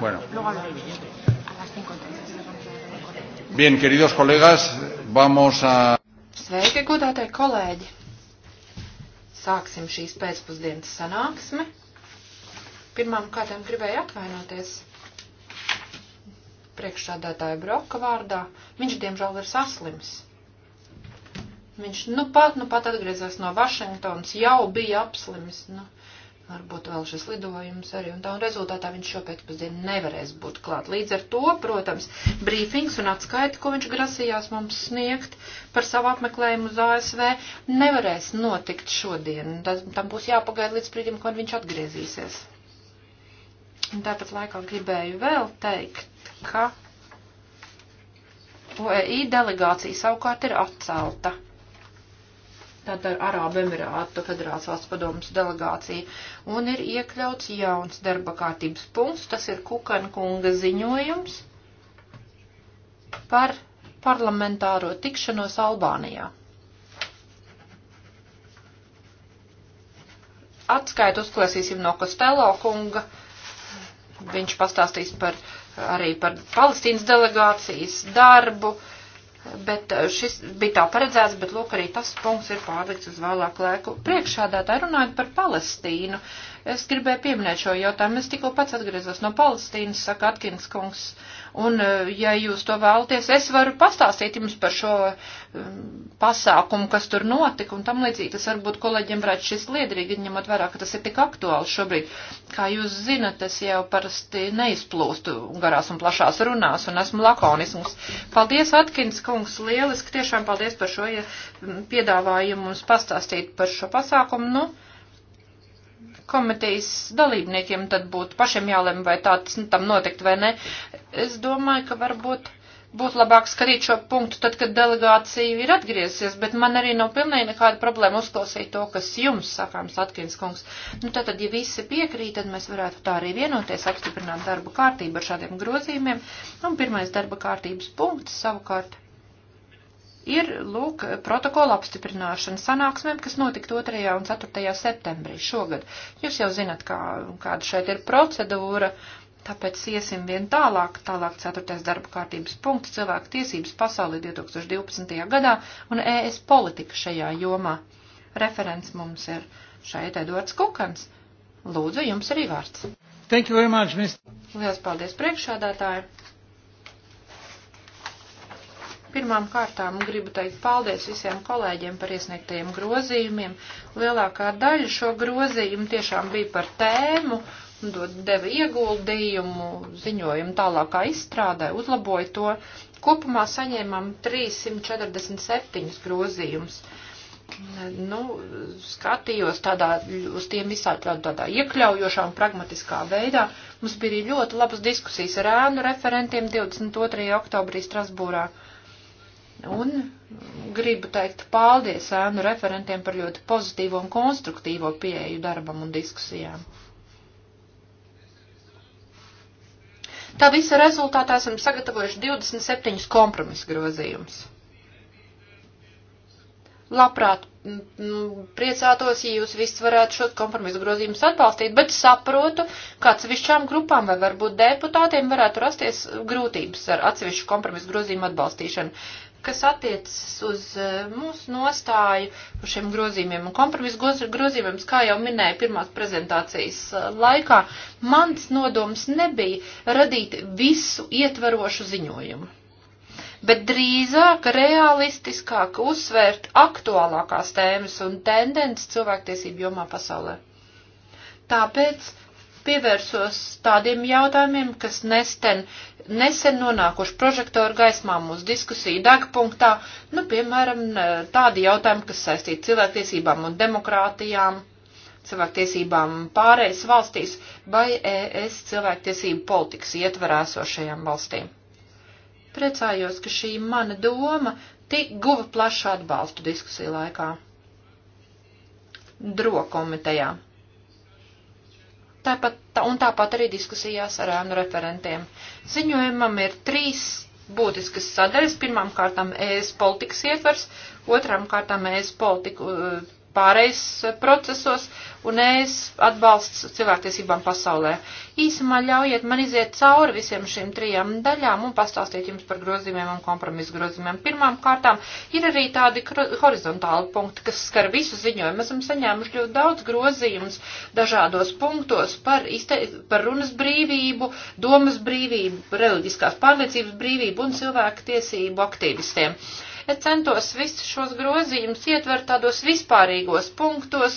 Bueno. Bien, queridos colegas, vamos a. Sveiki, godātie kolēģi! Sāksim šīs pēcpusdienas sanāksmi. Pirmām kārtām gribēju atvainoties priekšsādātāja Broka vārdā. Viņš, diemžēl, ir saslims. Viņš nu pat, nu pat atgriezās no Vašingtonas, jau bija apslimis. Nu, varbūt vēl šis lidojums arī, un tā, un rezultātā viņš šopēcpusdien nevarēs būt klāt. Līdz ar to, protams, brīfings un atskaita, ko viņš grasījās mums sniegt par savu apmeklējumu uz ASV, nevarēs notikt šodien. Tas, tam būs jāpagaida līdz brīdim, kad viņš atgriezīsies. Un tāpat laikā gribēju vēl teikt, ka OEI delegācija savukārt ir atcelta tātad Arābu Emirātu Federālās valsts padomas delegācija, un ir iekļauts jauns darba kārtības punkts, tas ir Kukan kunga ziņojums par parlamentāro tikšanos Albānijā. Atskaitu uzklāsīsim no Kostelo kunga. Viņš pastāstīs par, arī par Palestīnas delegācijas darbu. Uh, Bet eh, šis bija tā paredzēts, bet lūk arī tas punkts ir pārlikts uz vēlāku laiku. Priekšādātāji runājot par Palestīnu. Uh, Es gribēju pieminēt šo jautājumu. Es tikko pats atgriezos no Palestīnas, saka Atkins kungs. Un, eh, ja jūs to vēlaties, es varu pastāstīt jums par šo um, pasākumu, kas tur notika un tam līdzīgi. Tas varbūt kolēģiem varētu šis liederīgi, ņemot vērā, ka tas ir tik aktuāli šobrīd. Kā jūs zinat, es jau parasti neizplūstu garās un plašās runās un esmu lakonisms. Paldies, Atkins kungs, lieliski. Tiešām paldies par šo ja piedāvājumu mums pastāstīt par šo pasākumu. Nu, komitejas dalībniekiem tad būtu pašiem jālem, vai tā tas nu, tam notikt vai ne. Es domāju, ka varbūt būtu labāk skatīt šo punktu tad, kad delegācija ir atgriezies, bet man arī nav pilnīgi nekāda problēma uzklausīt to, kas jums sakāms, Latkins kungs. Nu, tātad, ja visi piekrīt, tad mēs varētu tā arī vienoties, apstiprināt darba kārtību ar šādiem grozījumiem. Un pirmais darba kārtības punkts savukārt ir, lūk, protokola apstiprināšana sanāksmēm, kas notika 2. un 4. septembrī šogad. Jūs jau zinat, kā, kāda šeit ir procedūra, tāpēc iesim vien tālāk, tālāk 4. darba kārtības punkts cilvēku tiesības pasaulē 2012. gadā un ES politika šajā jomā. Referents mums ir šeit Edvards Kukans. Lūdzu, jums arī vārds. Thank you very much, Mr. Lielas paldies priekšādātāji. Pirmām kārtām gribu teikt paldies visiem kolēģiem par iesniegtajiem grozījumiem. Lielākā daļa šo grozījumu tiešām bija par tēmu, deva ieguldījumu, ziņojumu tālākā izstrādē, uzlaboja to. Kopumā saņēmām 347 grozījumus nu, skatījos tādā, uz tiem visā tādā iekļaujošā un pragmatiskā veidā. Mums bija ļoti labas diskusijas ar ēnu referentiem 22. oktobrī Strasbūrā. Uh, Un gribu teikt paldies ēnu referentiem par ļoti pozitīvo un konstruktīvo pieeju darbam un diskusijām. Tā visa rezultātā esam sagatavojuši 27 kompromisu grozījumus. Labprāt, priecātos, ja jūs visi varētu šos kompromisu grozījumus atbalstīt, bet saprotu, ka atsevišķām grupām vai varbūt deputātiem varētu rasties grūtības ar atsevišķu kompromisu grozījumu atbalstīšanu kas attiecas uz eh, mūsu nostāju par šiem grozījumiem un kompromisu grozījumiem, kā jau minēju pirmās prezentācijas eh, laikā, mans nodoms nebija radīt visu ietvarošu ziņojumu, bet drīzāk realistiskāk uzsvērt aktuālākās tēmas un tendences cilvēktiesību jomā pasaulē. Tāpēc pievērsos tādiem jautājumiem, kas nesten, nesen nonākuši prožektoru gaismā mūsu diskusiju degpunktā, nu, piemēram, tādi jautājumi, kas saistīti cilvēktiesībām un demokrātijām, cilvēktiesībām pārējais valstīs vai ES cilvēktiesību politikas ietverēsošajām valstīm. Priecājos, ka šī mana doma tik guva plašu atbalstu diskusiju laikā. Dro komitejā tāpat, tā, un tāpat arī diskusijās ar ēnu referentiem. Ziņojumam ir trīs būtiskas sadaļas. Pirmām kārtām ES politikas ietvers, otrām kārtām ES politiku pārejas eh, procesos un es atbalsts cilvēktiesībām pasaulē. Īsumā ļaujiet man iziet cauri visiem šiem trijām daļām un pastāstīt jums par grozījumiem un kompromisu grozījumiem. Pirmām kārtām ir arī tādi horizontāli punkti, kas skar visu ziņojumu. Mēs esam saņēmuši ļoti daudz grozījumus dažādos punktos par, izte, par runas brīvību, domas brīvību, reliģiskās pārliecības brīvību un cilvēku tiesību aktīvistiem. Uh, Es centos visus šos grozījumus ietvert tādos vispārīgos punktos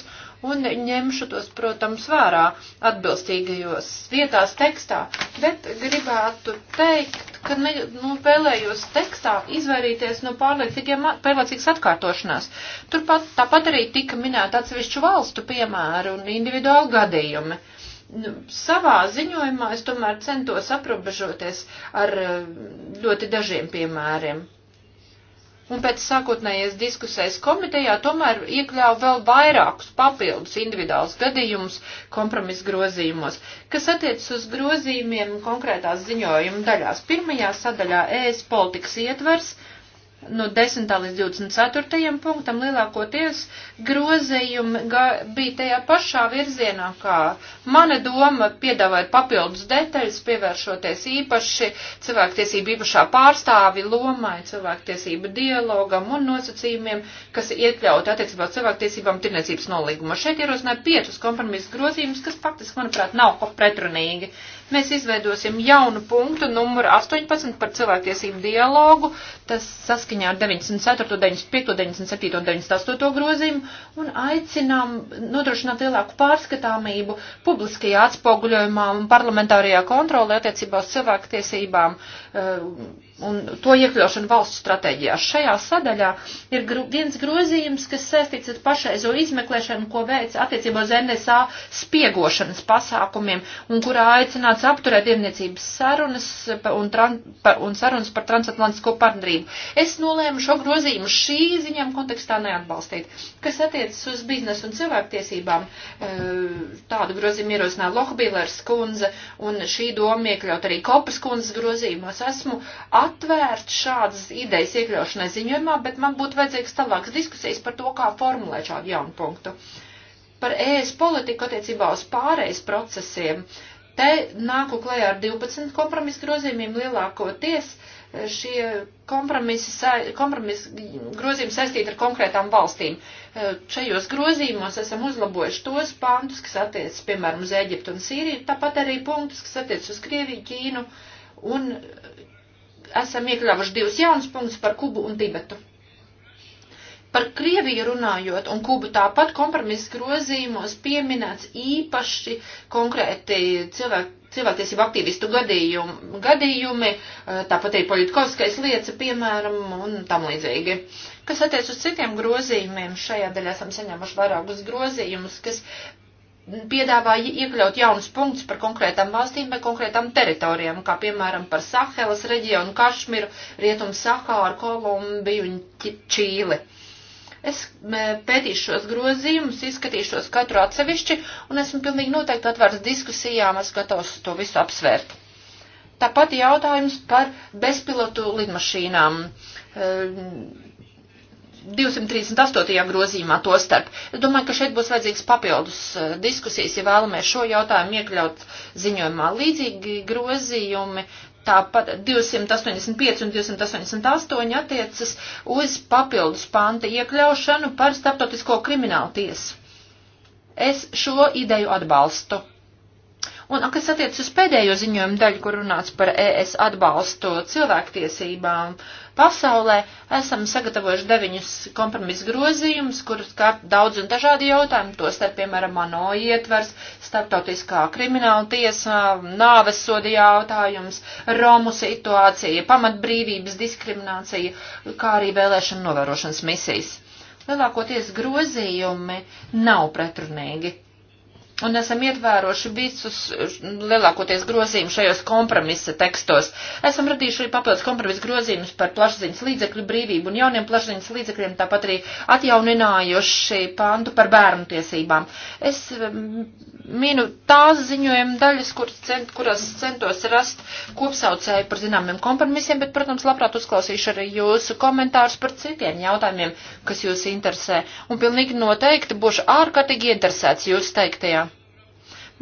un ņemšu tos, protams, vērā atbilstīgajos vietās tekstā, bet gribētu teikt, ka ne, nu, vēlējos tekstā izvairīties no pārliecīgas atkārtošanās. Turpat tāpat arī tika minēta atsevišķu valstu piemēru un individuāli gadījumi. Nu, savā ziņojumā es tomēr centos aprobežoties ar eh, ļoti dažiem piemēriem un pēc sākotnējais diskusijas komitejā tomēr iekļāva vēl vairākus papildus individuālus gadījumus kompromisu grozījumos, kas attiecas uz grozījumiem konkrētās ziņojuma daļās. Pirmajā sadaļā ES politikas ietvers no 10. līdz 24. punktam lielākoties grozījumi bija tajā pašā virzienā, kā mana doma piedāvāt papildus detaļas, pievēršoties īpaši cilvēktiesību īpašā pārstāvi lomai, cilvēktiesību dialogam un nosacījumiem, kas iekļaut attiecībā cilvēktiesībām tirniecības nolīgumā. Šeit ierosināja piecus kompromisu grozījumus, kas faktiski, manuprāt, nav pretrunīgi. Uh, Mēs izveidosim jaunu punktu numuru 18 par cilvēktiesību dialogu, tas saskaņā ar 94, 95, 97 un 98 grozījumu, un aicinām nodrošināt lielāku pārskatāmību publiskajā atspoguļojumā un parlamentārajā kontrolē attiecībā uz cilvēktiesībām. Uh, un to iekļaušanu valsts stratēģijā. Šajā sadaļā ir gru, viens grozījums, kas saistīts ar pašreizo izmeklēšanu, ko veic attiecībā uz NSA spiegošanas pasākumiem, un kurā aicināts apturēt tirniecības sarunas un, tran, par, un sarunas par transatlantisko partnerību. Es nolēmu šo grozījumu šī ziņām kontekstā neatbalstīt. Kas attiecas uz biznesu un cilvēktiesībām, e, tādu grozījumu ierosināja Lohbīlers kundze, un šī doma iekļaut arī Kopas kundzes grozījumos. Esmu atvērt šādas idejas iekļaušanai ziņojumā, bet man būtu vajadzīgs tālākas diskusijas par to, kā formulēt šādu jaunu punktu. Par ES politiku attiecībā uz pārējais procesiem. Te nāku klajā ar 12 kompromisu grozījumiem lielākoties. Šie kompromisi, kompromisi grozījumi saistīti ar konkrētām valstīm. Šajos grozījumos esam uzlabojuši tos pantus, kas attiecas, piemēram, uz Eģiptu un Sīriju, tāpat arī punktus, kas attiecas uz Krieviju, Ķīnu un esam iekļāvuši divus jaunus punktus par Kubu un Tibetu. Par Krieviju runājot un Kubu tāpat kompromisu grozījumos pieminēts īpaši konkrēti cilvēku, cilvēktiesību aktīvistu gadījumi, gadījumi, eh, tāpat arī politikovskais lieca, piemēram, un tam līdzīgi. Kas attiec uz citiem grozījumiem, šajā daļā esam saņēmuši vairākus grozījumus, kas piedāvāja iekļaut jaunus punktus par konkrētām valstīm vai konkrētām teritorijām, kā piemēram par Sahelas reģionu, Kašmiru, Rietumu Sahāru, Kolumbiju un Čīli. Es pētīšu šos grozījumus, izskatīšos katru atsevišķi un esmu pilnīgi noteikti atvērts diskusijām, es gatavs to visu apsvērt. Tāpat jautājums par bezpilotu lidmašīnām. Ehm, 238. grozījumā to starp. Es domāju, ka šeit būs vajadzīgs papildus e, diskusijas, ja vēlamies šo jautājumu iekļaut ziņojumā. Līdzīgi grozījumi tāpat 285 un 288 attiecas uz papildus panta iekļaušanu par starptautisko kriminālu tiesu. Es šo ideju atbalstu. Un, kas attiec uz pēdējo ziņojumu daļu, kur runāts par ES atbalstu cilvēktiesībām pasaulē, esam sagatavojuši deviņus kompromisu grozījumus, kurus kārt daudz un dažādi jautājumi, to starp, piemēram, ANO ietvers, starptautiskā krimināla tiesa, nāves soda jautājums, Romu situācija, pamatbrīvības diskriminācija, kā arī vēlēšana novērošanas misijas. Lielākoties grozījumi nav pretrunīgi Un esam ietvēroši visus lielākoties grozījumus šajos kompromisa tekstos. Esam radījuši papildus kompromisa grozījumus par plašsaziņas līdzekļu brīvību un jauniem plašsaziņas līdzekļiem, tāpat arī atjauninājuši pāntu par bērnu tiesībām. Es mm, minu tās ziņojuma daļas, kur cent, kurās centos rast kopsaucēju par zināmiem kompromisiem, bet, protams, labprāt uzklausīšu arī jūsu komentārus par citiem jautājumiem, kas jūs interesē. Un pilnīgi noteikti būšu ārkārtīgi interesēts jūs teiktajā.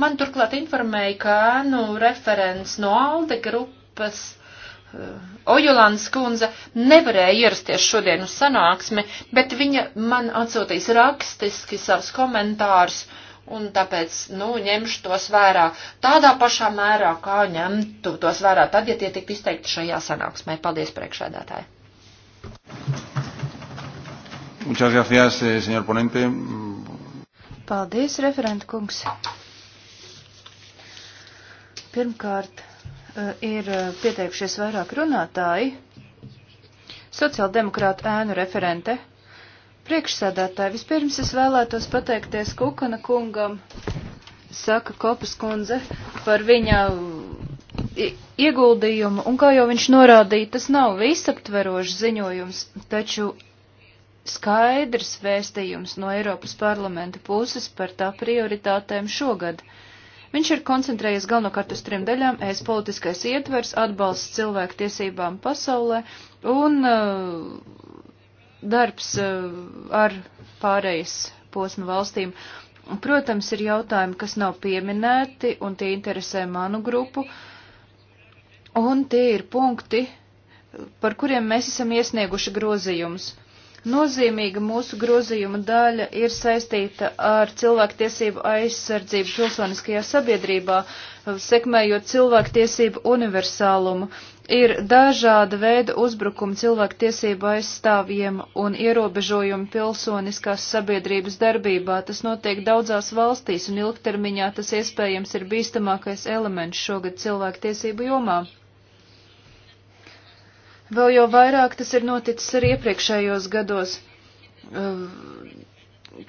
Man turklāt informēja, ka ēnu referents no ALDE grupas eh, Ojulāns kundze nevarēja ierasties šodien uz sanāksmi, bet viņa man atsūtīs rakstiski savus komentārus, un tāpēc, nu, ņemšu tos vērā tādā pašā mērā, kā ņemtu tos vērā tad, ja tie tiktu izteikti šajā sanāksmē. Paldies, priekšēdētāji! Muchas gracias, eh, señor ponente. Paldies, referenta kungs. Pirmkārt, e, ir e, pieteikušies vairāk runātāji. Sociāldemokrāta ēnu referente. Priekšsēdētāji, vispirms es vēlētos pateikties Kukana kungam, saka Kopas kundze, par viņa ieguldījumu, un kā jau viņš norādīja, tas nav visaptverošs ziņojums, taču skaidrs vēstījums no Eiropas parlamenta puses par tā prioritātēm šogad. Uh, Viņš ir koncentrējies galvenokārt uz trim daļām - es politiskais ietvers, atbalsts cilvēku tiesībām pasaulē un uh, darbs uh, ar pārējais posmu valstīm. Protams, ir jautājumi, kas nav pieminēti, un tie interesē manu grupu, un tie ir punkti, par kuriem mēs esam iesnieguši grozījumus. Nozīmīga mūsu grozījuma daļa ir saistīta ar cilvēktiesību aizsardzību pilsoniskajā sabiedrībā, sekmējot cilvēktiesību universālumu. Ir dažāda veida uzbrukumi cilvēktiesību aizstāvjiem un ierobežojumi pilsoniskās sabiedrības darbībā. Tas notiek daudzās valstīs un ilgtermiņā tas iespējams ir bīstamākais elements šogad cilvēktiesību jomā. Vēl jau vairāk tas ir noticis arī iepriekšējos gados. Ehm,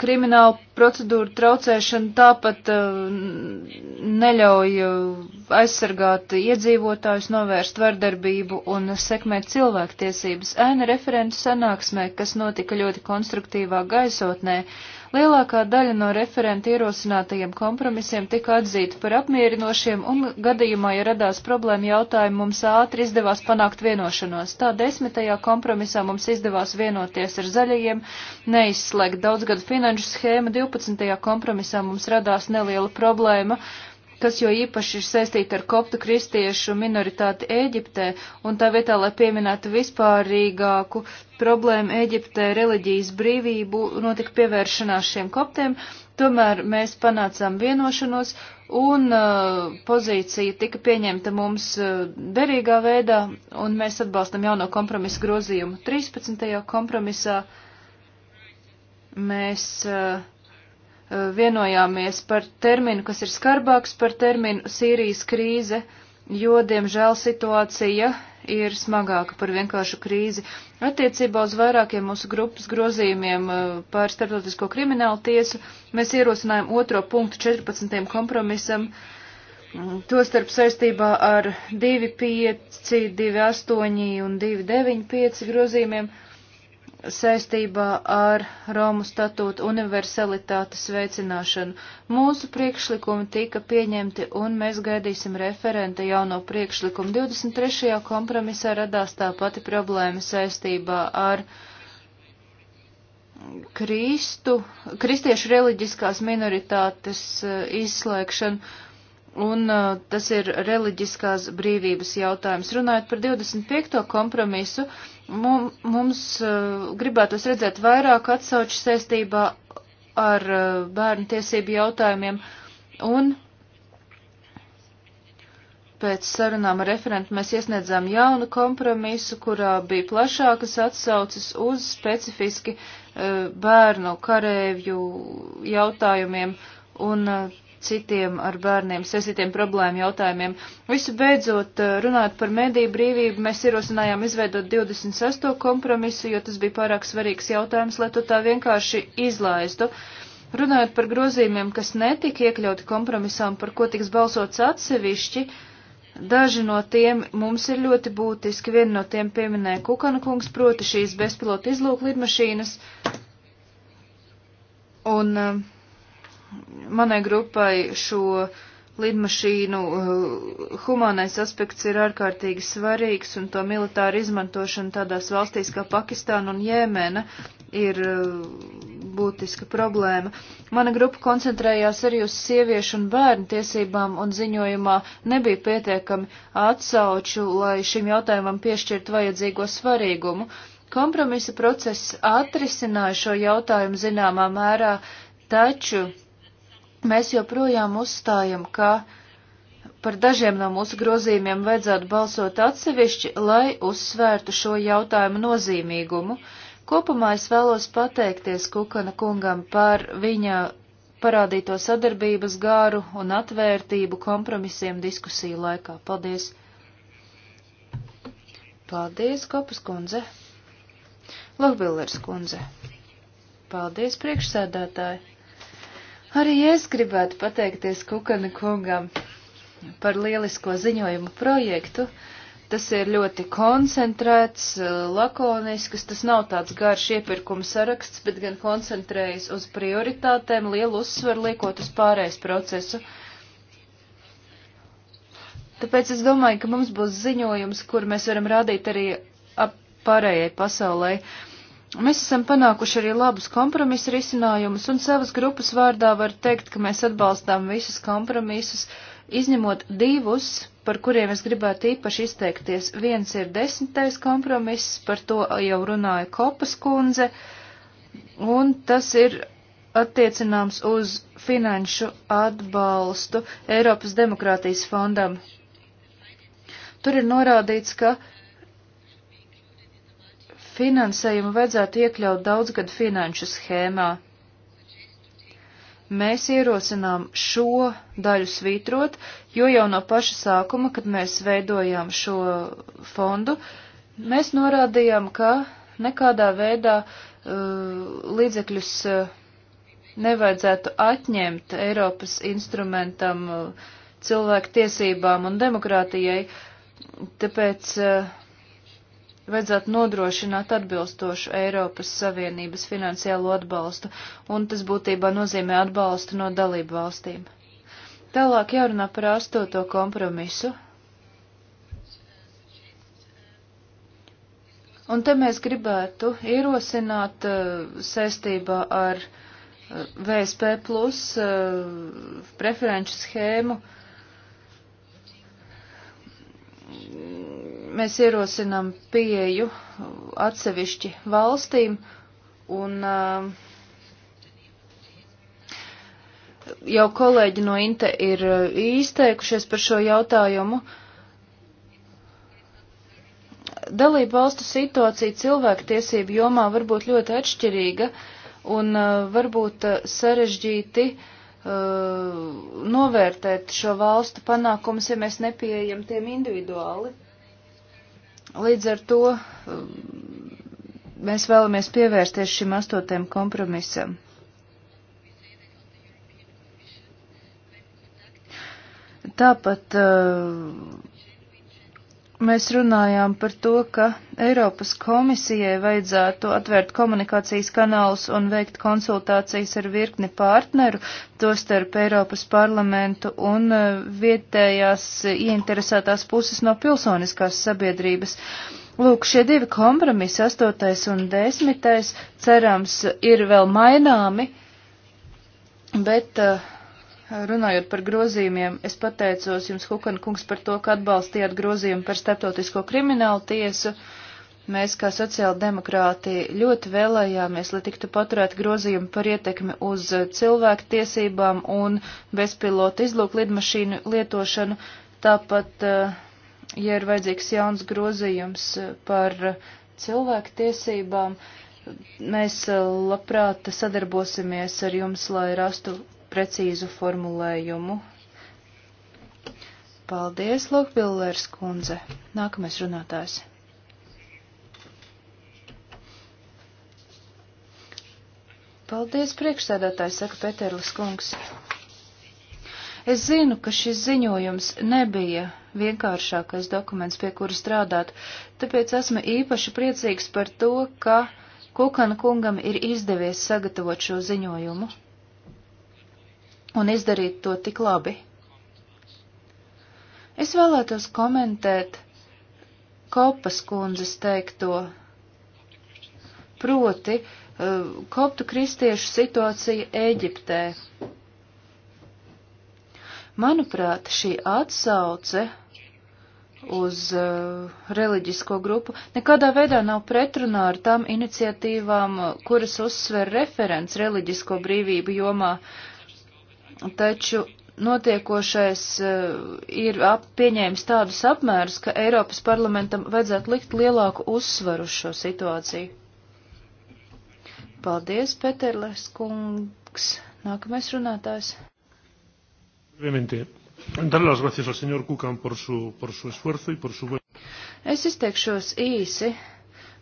krimināla procedūra traucēšana tāpat ehm, neļauj ehm, aizsargāt iedzīvotājus, novērst vardarbību un sekmēt cilvēktiesības. Ēna referentu sanāksmē, kas notika ļoti konstruktīvā gaisotnē, uh, Lielākā daļa no referenta ierosinātajiem kompromisiem tika atzīta par apmierinošiem, un gadījumā, ja radās problēma jautājumi, mums ātri izdevās panākt vienošanos. Tā desmitajā kompromisā mums izdevās vienoties ar zaļajiem, neizslēgt daudzgadu finanšu schēmu, 12. kompromisā mums radās neliela problēma Tas jo īpaši ir saistīti ar koptu kristiešu minoritāti Ēģiptē, un tā vietā, lai pieminētu vispārīgāku problēmu Ēģiptē reliģijas brīvību, notika pievēršanās šiem koptiem, tomēr mēs panācām vienošanos, un uh, pozīcija tika pieņemta mums uh, derīgā veidā, un mēs atbalstam jauno kompromisu grozījumu 13. kompromisā. Mēs uh, vienojāmies par terminu, kas ir skarbāks par terminu Sīrijas krīze, jo, diemžēl, situācija ir smagāka par vienkāršu krīzi. Attiecībā uz vairākiem mūsu grupas grozījumiem uh, par starptautisko kriminālu tiesu mēs ierosinājām otro punktu 14. kompromisam. Mm, tostarp saistībā ar 2,5, 2,8 un 2,95 grozījumiem. Uh, saistībā ar Romu statūtu universalitātes veicināšanu. Mūsu priekšlikumi tika pieņemti un mēs gaidīsim referenta jauno priekšlikumu. 23. kompromisā radās tā pati problēma saistībā ar Kristu, kristiešu reliģiskās minoritātes e, izslēgšanu. Un uh, tas ir reliģiskās brīvības jautājums. Runājot par 25. kompromisu, uh, Mums eh, gribētos redzēt vairāk atsauču saistībā ar eh, bērnu tiesību jautājumiem un pēc sarunām ar referentu mēs iesniedzām jaunu kompromisu, kurā bija plašākas atsauces uz specifiski eh, bērnu karēvju jautājumiem, un citiem ar bērniem saistītiem problēmu jautājumiem. Visu beidzot, eh, runājot par mediju brīvību, mēs ierosinājām izveidot 26. kompromisu, jo tas bija pārāk svarīgs jautājums, lai to tā vienkārši izlaistu. Runājot par grozījumiem, kas netika iekļauti kompromisām, par ko tiks balsots atsevišķi, daži no tiem mums ir ļoti būtiski. Vienu no tiem pieminēja Kukana kungs, proti šīs bezpilota izlūk lidmašīnas. Un uh, manai grupai šo lidmašīnu eh, humānais aspekts ir ārkārtīgi svarīgs, un to militāru izmantošanu tādās valstīs kā Pakistāna un Jēmena ir eh, būtiska problēma. Mana grupa koncentrējās arī uz sieviešu un bērnu tiesībām, un ziņojumā nebija pietiekami atsauču, lai šim jautājumam piešķirt vajadzīgo svarīgumu. Kompromisa process atrisināja šo jautājumu zināmā mērā, taču Mēs joprojām uzstājam, ka par dažiem no mūsu grozījumiem vajadzētu balsot atsevišķi, lai uzsvērtu šo jautājumu nozīmīgumu. Kopumā es vēlos pateikties Kukana kungam par viņa parādīto sadarbības gāru un atvērtību kompromisiem diskusiju laikā. Paldies! Paldies, Kopas kundze! Lohbillers kundze! Paldies, priekšsēdētāji! Arī es gribētu pateikties Kukana kungam par lielisko ziņojumu projektu. Tas ir ļoti koncentrēts, eh, lakonisks, tas nav tāds garš iepirkuma saraksts, bet gan koncentrējas uz prioritātēm, lielu uzsvaru liekot uz pārējais procesu. Tāpēc es domāju, ka mums būs ziņojums, kur mēs varam rādīt arī ap pārējai pasaulē. Uh, Mēs esam panākuši arī labus kompromisu risinājumus, un savas grupas vārdā var teikt, ka mēs atbalstām visus kompromisus, izņemot divus, par kuriem es gribētu īpaši izteikties. Viens ir desmitais kompromiss, par to jau runāja Kopas kundze, un tas ir attiecināms uz finanšu atbalstu Eiropas demokrātijas fondam. Tur ir norādīts, ka finansējumu vajadzētu iekļaut daudzgad finanšu schēmā. Mēs ierosinām šo daļu svītrot, jo jau no paša sākuma, kad mēs veidojām šo fondu, mēs norādījām, ka nekādā veidā uh, līdzekļus uh, nevajadzētu atņemt Eiropas instrumentam uh, cilvēku tiesībām un demokrātijai, tāpēc uh, vajadzētu nodrošināt atbilstošu Eiropas Savienības finansiālo atbalstu, un tas būtībā nozīmē atbalstu no dalību valstīm. Tālāk jārunā par astoto kompromisu. Un te mēs gribētu ierosināt uh, saistībā ar uh, eh, VSP plus uh, preferenču schēmu uh, mēs ierosinām pieeju atsevišķi valstīm un uh, jau kolēģi no Inte ir uh, izteikušies par šo jautājumu. Dalību valstu situācija cilvēktiesību jomā var būt ļoti atšķirīga un uh, varbūt uh, sarežģīti uh, novērtēt šo valstu panākumus, ja mēs nepieejam tiem individuāli. Līdz ar to um, mēs vēlamies pievērsties šim astotajam kompromisam. Tāpat uh, mēs runājām par to, ka Eiropas komisijai vajadzētu atvērt komunikācijas kanālus un veikt konsultācijas ar virkni partneru, tostarp Eiropas parlamentu un e, vietējās ieinteresētās puses no pilsoniskās sabiedrības. Lūk, šie divi kompromisi, astotais un desmitais, cerams, ir vēl maināmi, bet uh, runājot par grozījumiem, es pateicos jums, Hukan kungs, par to, ka atbalstījāt grozījumu par starptautisko kriminālu tiesu. Mēs, kā sociāla demokrāti, ļoti vēlējāmies, lai tiktu paturēt grozījumi par ietekmi uz cilvēku tiesībām un bezpilota izlūku lidmašīnu lietošanu. Tāpat, eh, ja ir vajadzīgs jauns grozījums eh, par cilvēku tiesībām, mēs eh, labprāt sadarbosimies ar jums, lai rastu precīzu formulējumu. Paldies, Lokpillers kundze. Nākamais runātājs. Paldies, priekšsēdētājs, saka Peterlis kungs. Es zinu, ka šis ziņojums nebija vienkāršākais dokuments, pie kura strādāt, tāpēc esmu īpaši priecīgs par to, ka Kukana kungam ir izdevies sagatavot šo ziņojumu un izdarīt to tik labi. Es vēlētos komentēt Kopas kundzes teikto. Proti, eh, koptu kristiešu situācija Eģiptē. Manuprāt, šī atsauce uz uh, reliģisko grupu nekādā veidā nav pretrunā ar tām iniciatīvām, kuras uzsver referents reliģisko brīvību jomā, taču notiekošais eh, ir ap, pieņēmis tādus apmērus, ka Eiropas parlamentam vajadzētu likt lielāku uzsvaru uz šo situāciju. Paldies, Peterles kungs. Nākamais runātājs. Es izteikšos īsi.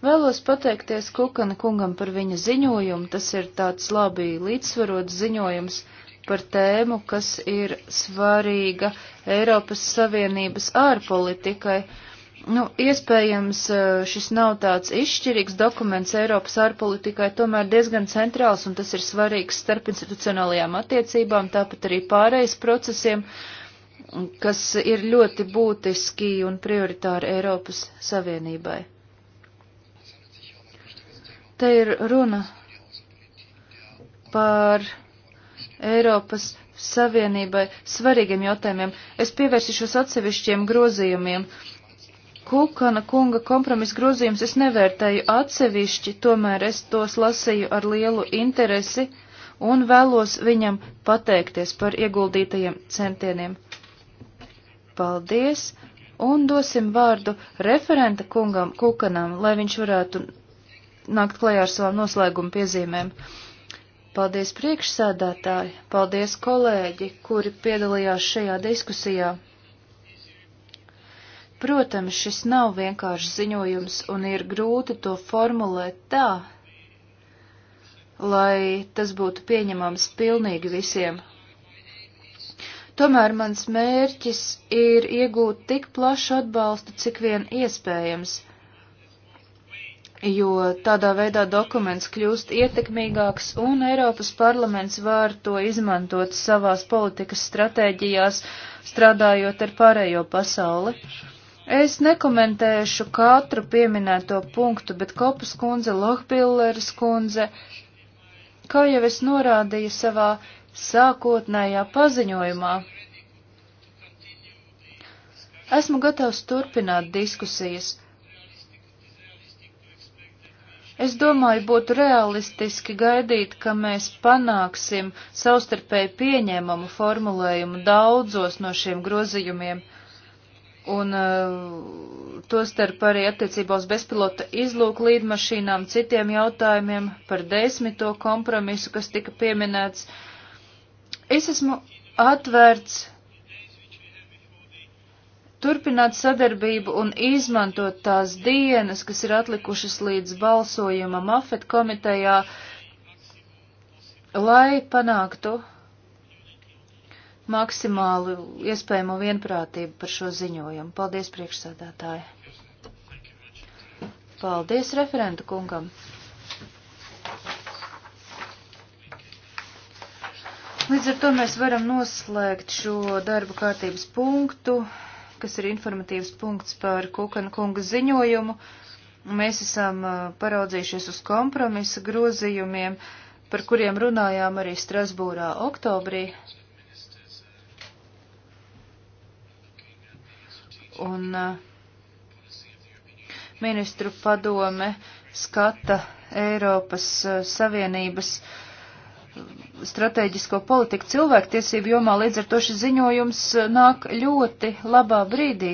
Vēlos pateikties Kukana kungam par viņa ziņojumu. Tas ir tāds labi līdzsvarots ziņojums. Uh, par tēmu, kas ir svarīga Eiropas Savienības ārpolitikai. Nu, iespējams, eh, šis nav tāds izšķirīgs dokuments Eiropas ārpolitikai, tomēr diezgan centrāls, un tas ir svarīgs starp institucionālajām attiecībām, tāpat arī pārējais procesiem, kas ir ļoti būtiski un prioritāri Eiropas Savienībai. Te ir runa par Eiropas Savienībai svarīgiem jautājumiem. Es pievērsīšos atsevišķiem grozījumiem. Kukana kunga kompromisa grozījums es nevērtēju atsevišķi, tomēr es tos lasīju ar lielu interesi un vēlos viņam pateikties par ieguldītajiem centieniem. Paldies! Un dosim vārdu referenta kungam Kukanam, lai viņš varētu nākt klajā ar savām noslēguma piezīmēm. Paldies priekšsēdētāji, paldies kolēģi, kuri piedalījās šajā diskusijā. Protams, šis nav vienkāršs ziņojums un ir grūti to formulēt tā, lai tas būtu pieņemams pilnīgi visiem. Tomēr mans mērķis ir iegūt tik plašu atbalstu, cik vien iespējams – jo tādā veidā dokuments kļūst ietekmīgāks un Eiropas parlaments var to izmantot savās politikas stratēģijās, strādājot ar pārējo pasauli. Es nekomentēšu katru pieminēto punktu, bet Kopas kundze, Lohpilleres kundze, kā jau es norādīju savā sākotnējā paziņojumā, esmu gatavs turpināt diskusijas Es domāju, būtu realistiski gaidīt, ka mēs panāksim savstarpēji pieņēmumu formulējumu daudzos no šiem grozījumiem, un uh, tostarp arī attiecībā uz bezpilota izlūku līdmašīnām, citiem jautājumiem par desmito kompromisu, kas tika pieminēts. Es esmu atvērts turpināt sadarbību un izmantot tās dienas, kas ir atlikušas līdz balsojumam AFET komitejā, lai panāktu maksimāli iespējamo vienprātību par šo ziņojumu. Paldies, priekšsēdētāji! Paldies referentu kungam! Līdz ar to mēs varam noslēgt šo darba kārtības punktu kas ir informatīvs punkts par Kukana kunga ziņojumu. Mēs esam uh, paraudzījušies uz kompromisa grozījumiem, par kuriem runājām arī Strasbūrā oktobrī. Un uh, ministru padome skata Eiropas uh, Savienības uh, stratēģisko politiku cilvēktiesību jomā, līdz ar to šis ziņojums e, nāk ļoti labā brīdī.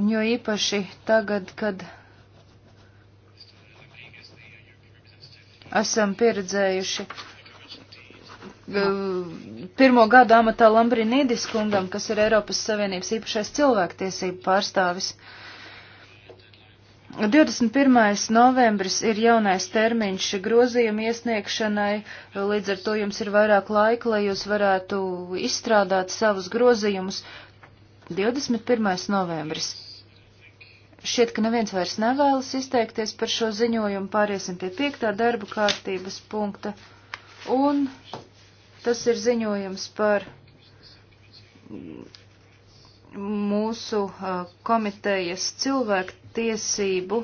Un jo īpaši tagad, kad esam pieredzējuši e, pirmo gadu amatā Lambrinīdis kungam, kas ir Eiropas Savienības īpašais cilvēktiesību pārstāvis. Uh, 21. novembris ir jaunais termiņš grozījuma iesniegšanai, līdz ar to jums ir vairāk laika, lai jūs varētu izstrādāt savus grozījumus. 21. novembris. Šķiet, ka neviens vairs nevēlas izteikties par šo ziņojumu, pāriesim pie 5. darba kārtības punkta, un tas ir ziņojums par mūsu komitejas cilvēku tiesību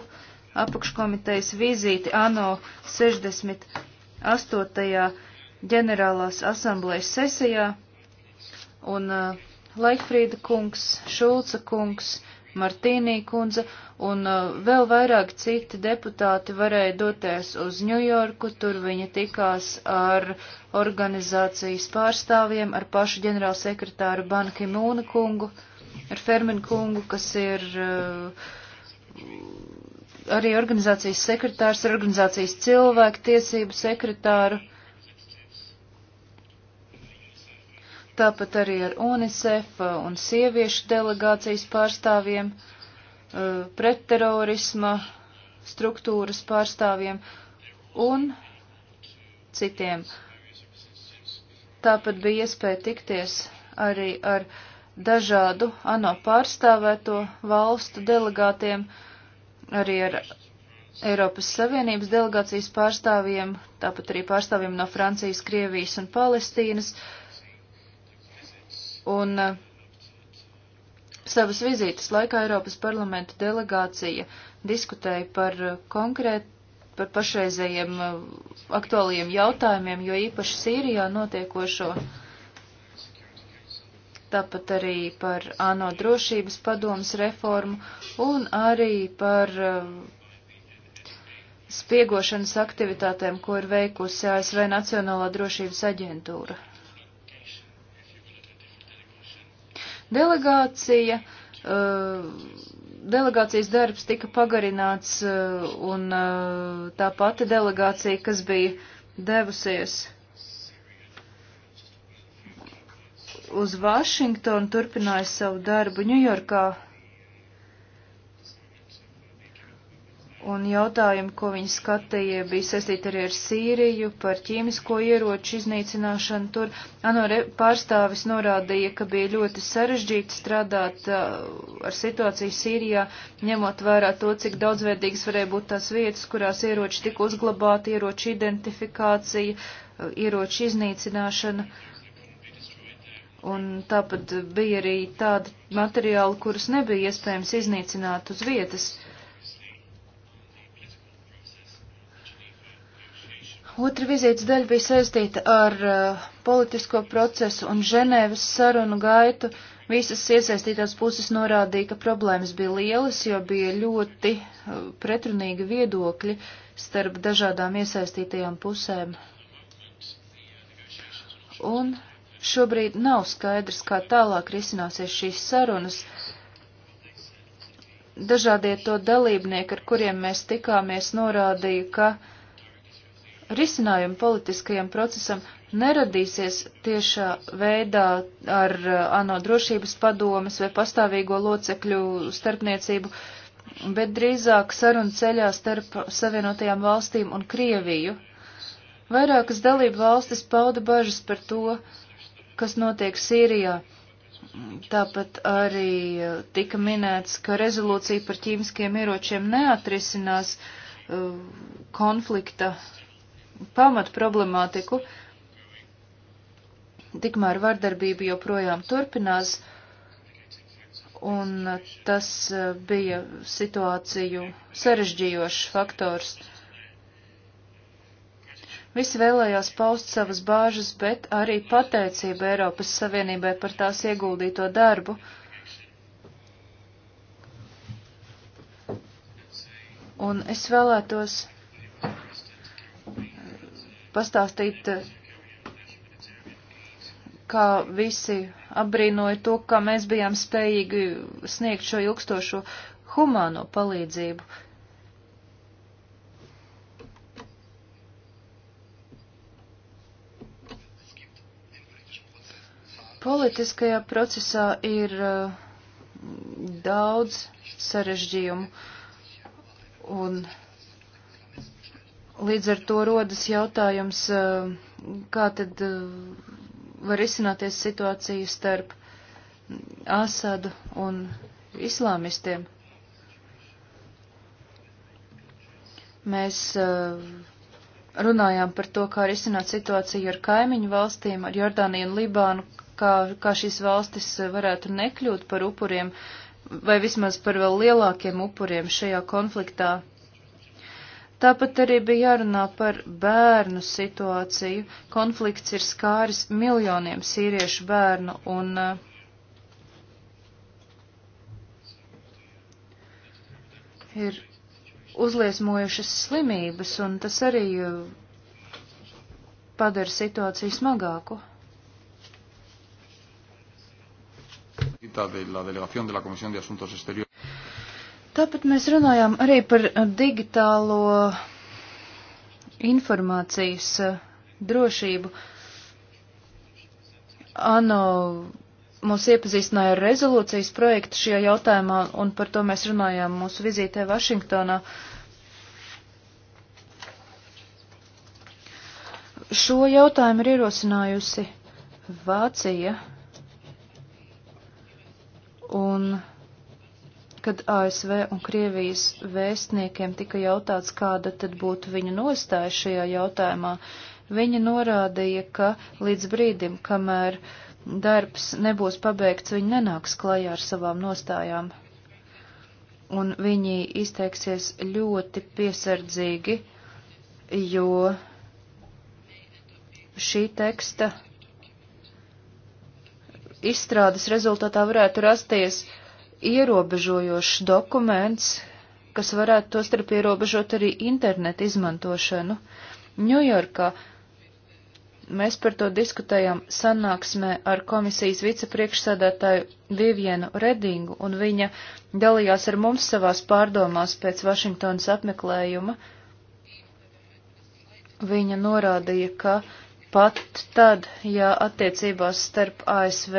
apakškomitejas vizīti ANO 68. ģenerālās asamblējas sesijā, un uh, Leifrīda kungs, Šulca kungs, Martīnī kundze un uh, vēl vairāk citi deputāti varēja doties uz Ņujorku, tur viņi tikās ar organizācijas pārstāvjiem, ar pašu ģenerālsekretāru Banki Mūna kungu. Uh, ar Ferminu kungu, kas ir eh, arī organizācijas sekretārs, ar organizācijas cilvēku tiesību sekretāru. tāpat arī ar UNICEF un sieviešu delegācijas pārstāvjiem, eh, pretterorisma struktūras pārstāvjiem un citiem. Tāpat bija iespēja tikties arī ar uh, dažādu ANO pārstāvēto valstu delegātiem, arī ar Eiropas Savienības delegācijas pārstāvjiem, tāpat arī pārstāvjiem no Francijas, Krievijas un Palestīnas. Un eh, savas vizītes laikā Eiropas parlamenta delegācija diskutēja par eh, konkrētu par pašreizējiem eh, aktuālajiem jautājumiem, jo īpaši Sīrijā notiekošo tāpat arī par ANO drošības padomas reformu un arī par eh, spiegošanas aktivitātēm, ko ir veikusi ASV Nacionālā drošības aģentūra. Delegācija eh, delegācijas darbs tika pagarināts, eh, un tā pati delegācija, kas bija devusies uz Vašingtonu, turpināja savu darbu Ņujorkā. Un jautājumi, ko viņi skatīja, bija saistīti arī ar Sīriju, par ķīmisko ieroču iznīcināšanu tur. Ano pārstāvis norādīja, ka bija ļoti sarežģīti strādāt uh, ar situāciju Sīrijā, ņemot vērā to, cik daudzveidīgas varēja būt tās vietas, kurās ieroči tika uzglabāti, ieroču identifikācija, uh, ieroču iznīcināšana. Uh, Un tāpat bija arī tādi materiāli, kurus nebija iespējams iznīcināt uz vietas. Otra vizītes daļa bija saistīta ar uh, politisko procesu un Ženēvas sarunu gaitu. Visas iesaistītās puses norādīja, ka problēmas bija lielas, jo bija ļoti uh, pretrunīgi viedokļi starp dažādām iesaistītajām pusēm. Un Šobrīd nav skaidrs, kā tālāk risināsies šīs sarunas. Dažādie to dalībnieki, ar kuriem mēs tikāmies, norādīja, ka risinājumu politiskajam procesam neradīsies tiešā veidā ar uh, ANO drošības padomes vai pastāvīgo locekļu starpniecību, bet drīzāk sarunu ceļā starp Savienotajām valstīm un Krieviju. Vairākas dalību valstis pauda bažas par to, kas notiek Sīrijā. Tāpat arī e, tika minēts, ka rezolūcija par ķīmiskiem ieročiem neatrisinās uh, konflikta pamatproblemātiku, tikmēr vardarbība joprojām turpinās, un tas e, bija situāciju sarežģījošs faktors. Uh, Visi vēlējās paust savas bāžas, bet arī pateicību Eiropas Savienībai par tās ieguldīto darbu. Un es vēlētos pastāstīt, kā visi apbrīnoja to, kā mēs bijām spējīgi sniegt šo ilgstošo humāno palīdzību, Politiskajā procesā ir eh, daudz sarežģījumu un līdz ar to rodas jautājums, eh, kā tad eh, var izcināties situācija starp Asadu un islāmistiem. Mēs runājām par to, kā risināt situāciju ar kaimiņu valstīm, ar Jordāniju un Libānu, kā, kā šīs valstis varētu nekļūt par upuriem, vai vismaz par vēl lielākiem upuriem šajā konfliktā. Tāpat arī bija jārunā par bērnu situāciju. Konflikts ir skāris miljoniem sīriešu bērnu un uh, ir uzliesmojušas slimības, un tas arī eh, padara situāciju smagāku. visita de la delegación de la Comisión de Asuntos Exteriores. Tāpat mēs runājām arī par digitālo informācijas eh, drošību. ANO mūs iepazīstināja ar rezolūcijas projektu šajā jautājumā, un par to mēs runājām mūsu vizītē Vašingtonā. Šo jautājumu ir ierosinājusi Vācija un kad ASV un Krievijas vēstniekiem tika jautāts, kāda tad būtu viņu nostāja šajā jautājumā, viņi norādīja, ka līdz brīdim, kamēr darbs nebūs pabeigts, viņi nenāks klajā ar savām nostājām. Un viņi izteiksies ļoti piesardzīgi, jo šī teksta izstrādes rezultātā varētu rasties ierobežojošs dokuments, kas varētu to starp ierobežot arī internetu izmantošanu. Ņujorkā mēs par to diskutējām sanāksmē ar komisijas vicepriekšsēdētāju Vivienu Redingu, un viņa dalījās ar mums savās pārdomās pēc Vašingtonas apmeklējuma. Viņa norādīja, ka Pat tad, ja attiecībās starp ASV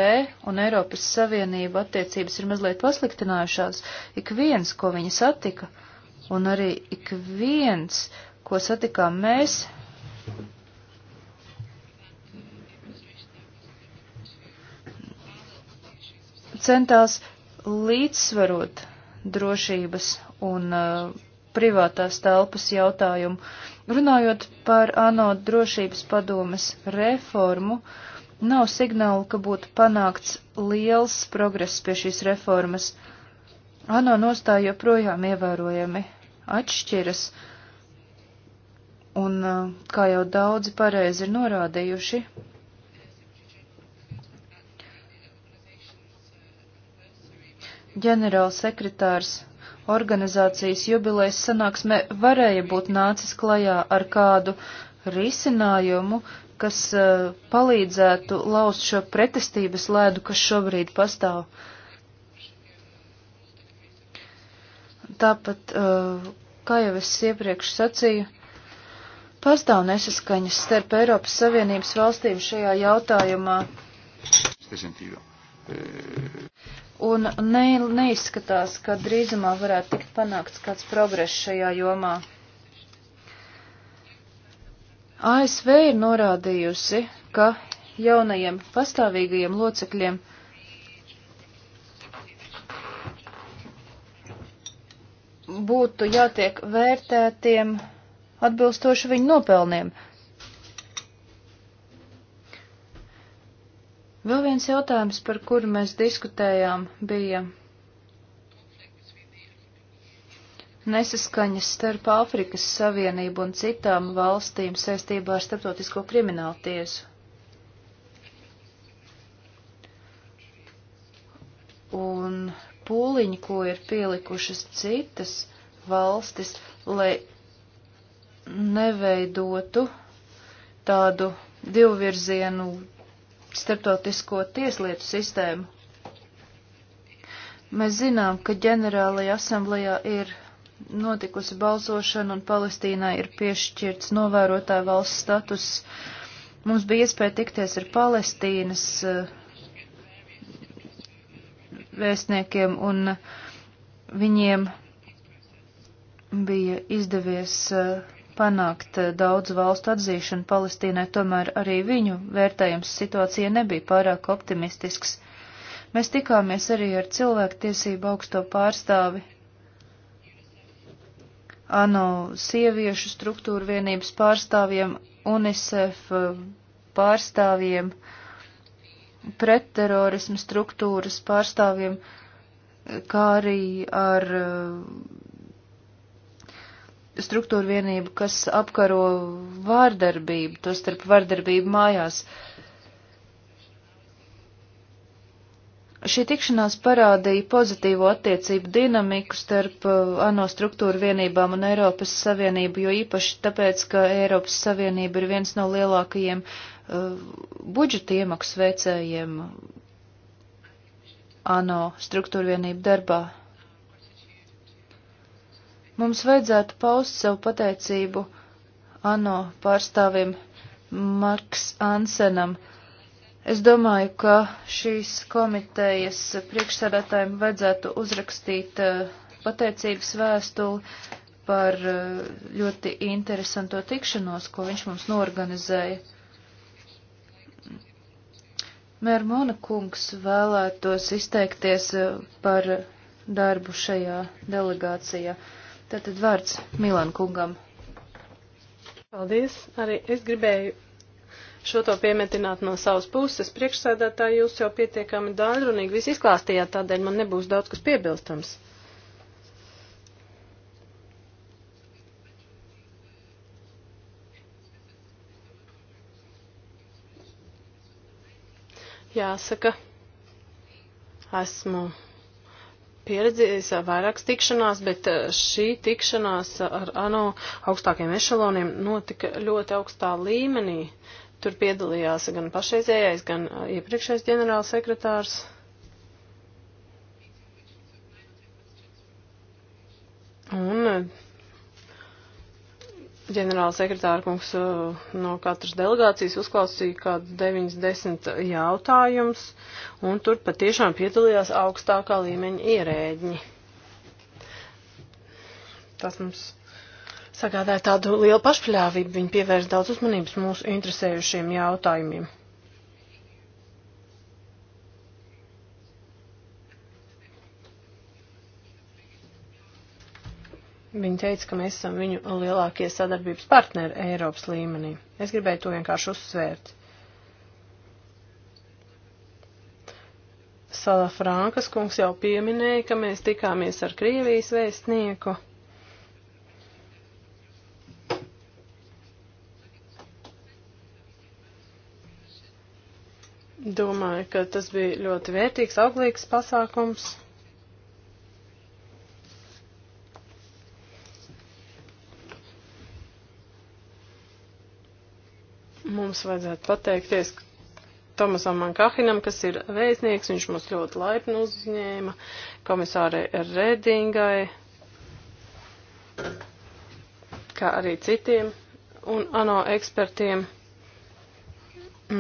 un Eiropas Savienību attiecības ir mazliet pasliktinājušās, ik viens, ko viņi satika, un arī ik viens, ko satikām mēs, centās līdzsvarot drošības un uh, privātās telpas jautājumu. Runājot par ANO drošības padomes reformu, nav signālu, ka būtu panākts liels progress pie šīs reformas. ANO nostāja joprojām ievērojami atšķiras, un, kā jau daudzi pareizi ir norādījuši, ģenerālsekretārs organizācijas jubilejas sanāksmē varēja būt nācis klajā ar kādu risinājumu, kas uh, palīdzētu laust šo pretestības lēdu, kas šobrīd pastāv. Tāpat, uh, kā jau es iepriekš sacīju, pastāv nesaskaņas starp Eiropas Savienības valstīm šajā jautājumā. Este sentido. Eh, un ne, neizskatās, ka drīzumā varētu tikt panākts kāds progress šajā jomā. ASV ir norādījusi, ka jaunajiem pastāvīgajiem locekļiem būtu jātiek vērtētiem atbilstoši viņu nopelniem. Vēl viens jautājums, par kuru mēs diskutējām, bija nesaskaņas starp Āfrikas Savienību un citām valstīm saistībā ar starptautisko kriminālu tiesu. Un pūliņi, ko ir pielikušas citas valstis, lai neveidotu tādu divvirzienu starptautisko tieslietu sistēmu. Mēs zinām, ka ģenerālajā asamblējā ir notikusi balsošana un Palestīnai ir piešķirts novērotāja valsts status. Mums bija iespēja tikties ar Palestīnas eh, vēstniekiem un viņiem bija izdevies uh, panākt eh, daudzu valstu atzīšanu Palestīnai, tomēr arī viņu vērtējums situācija nebija pārāk optimistisks. Mēs tikāmies arī ar cilvēktiesību augsto pārstāvi, ANO sieviešu struktūru vienības pārstāvjiem, UNICEF eh, pārstāvjiem, pretterorismu struktūras pārstāvjiem, eh, kā arī ar struktūra vienību, kas apkaro vārdarbību, to starp vārdarbību mājās. Šī tikšanās parādīja pozitīvo attiecību dinamiku starp uh, ANO struktūra vienībām un Eiropas Savienību, jo īpaši tāpēc, ka Eiropas Savienība ir viens no lielākajiem uh, budžeta iemaksu veicējiem ANO struktūra vienību darbā. Mums vajadzētu paust savu pateicību ANO pārstāvim Marks Ansenam. Es domāju, ka šīs komitejas priekšsēdētājiem vajadzētu uzrakstīt eh, pateicības vēstuli par eh, ļoti interesanto tikšanos, ko viņš mums norganizēja. Mērmona kungs vēlētos izteikties eh, par darbu šajā delegācijā. Tātad vārds Milan kungam. Paldies. Arī es gribēju šo to piemetināt no savas puses. Priekšsēdētāji jūs jau pietiekami daļrunīgi visu izklāstījāt, tādēļ man nebūs daudz kas piebilstams. Jāsaka, esmu pieredzējis vairākas tikšanās, bet šī tikšanās ar ANO augstākiem ešaloniem notika ļoti augstā līmenī. Tur piedalījās gan pašreizējais, gan iepriekšējais ģenerālsekretārs. Un ģenerāla sekretāra kungs eh, no katras delegācijas uzklausīja kādu 90 jautājumus, un tur patiešām piedalījās augstākā līmeņa ierēģi. Tas mums sagādāja tādu lielu pašpļāvību, viņi pievērš daudz uzmanības mūsu interesējušiem jautājumiem. Viņa teica, ka mēs esam viņu lielākie sadarbības partneri Eiropas līmenī. Es gribēju to vienkārši uzsvērt. Sala Frankas kungs jau pieminēja, ka mēs tikāmies ar Krievijas vēstnieku. Domāju, ka tas bija ļoti vērtīgs, auglīgs pasākums. Mums vajadzētu pateikties Tomasam Mankahinam, kas ir vēstnieks, viņš mūs ļoti laipni uzņēma, komisārai Redingai, kā arī citiem un ANO ekspertiem.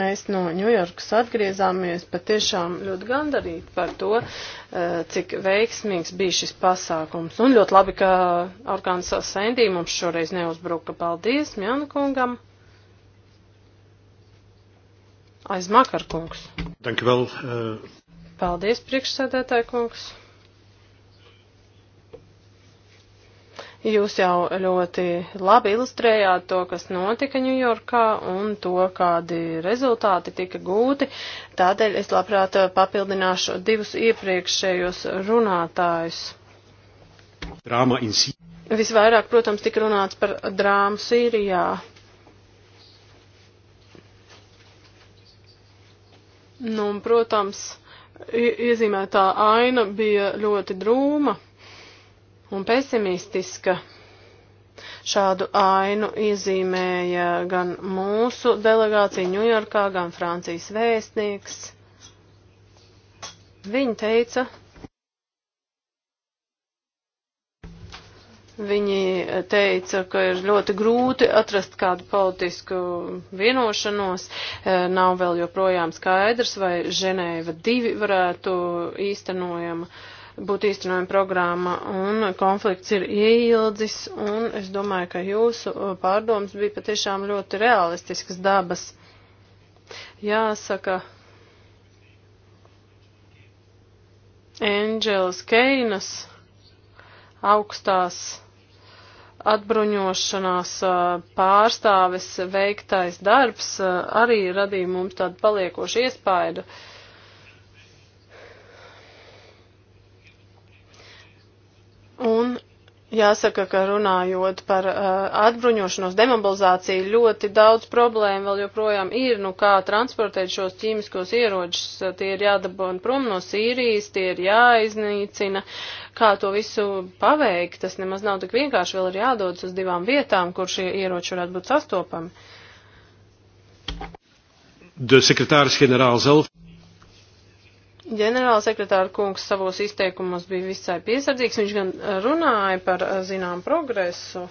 Mēs no Ņujorkas atgriezāmies patiešām ļoti gandarīti par to, eh, cik veiksmīgs bija šis pasākums. Un ļoti labi, ka Orgāns Sendī mums šoreiz neuzbruka. Paldies Mjankungam! aiz makarkungs. Dankvēl. Uh... Eh. Paldies, priekšsēdētāji kungs. Jūs jau ļoti labi ilustrējāt to, kas notika Ņujorkā un to, kādi rezultāti tika gūti. Tādēļ es labprāt eh, papildināšu divus iepriekšējos runātājus. Drāma in Sīrijā. Visvairāk, protams, tika runāts par drāmu Sīrijā. Nu, un, protams, iezīmētā aina bija ļoti drūma un pesimistiska. Šādu ainu iezīmēja gan mūsu delegācija Ņujorkā, gan Francijas vēstnieks. Viņa teica, Viņi teica, ka ir ļoti grūti atrast kādu politisku vienošanos, eh, nav vēl joprojām skaidrs, vai Ženēva divi varētu īstenojama, būt īstenojama programma, un konflikts ir ieildzis, un es domāju, ka jūsu eh, pārdoms bija patiešām ļoti realistiskas dabas. Jāsaka, Angels Keinas augstās atbruņošanās pārstāves veiktais darbs arī radīja mums tādu paliekošu iespaidu. Un Jāsaka, ka runājot par uh, atbruņošanos, demobilizāciju, ļoti daudz problēmu vēl joprojām ir. Nu, kā transportēt šos ķīmiskos ieročus, uh, tie ir jādabona prom no Sīrijas, tie ir jāiznīcina. Kā to visu paveikt, tas nemaz nav tik vienkārši. Vēl ir jādodas uz divām vietām, kur šie ieroči varētu būt sastopami. De secretaris-generaal zelf ģenerālsekretāra kungs savos izteikumos bija visai piesardzīgs. Viņš gan runāja par eh, zinām progresu,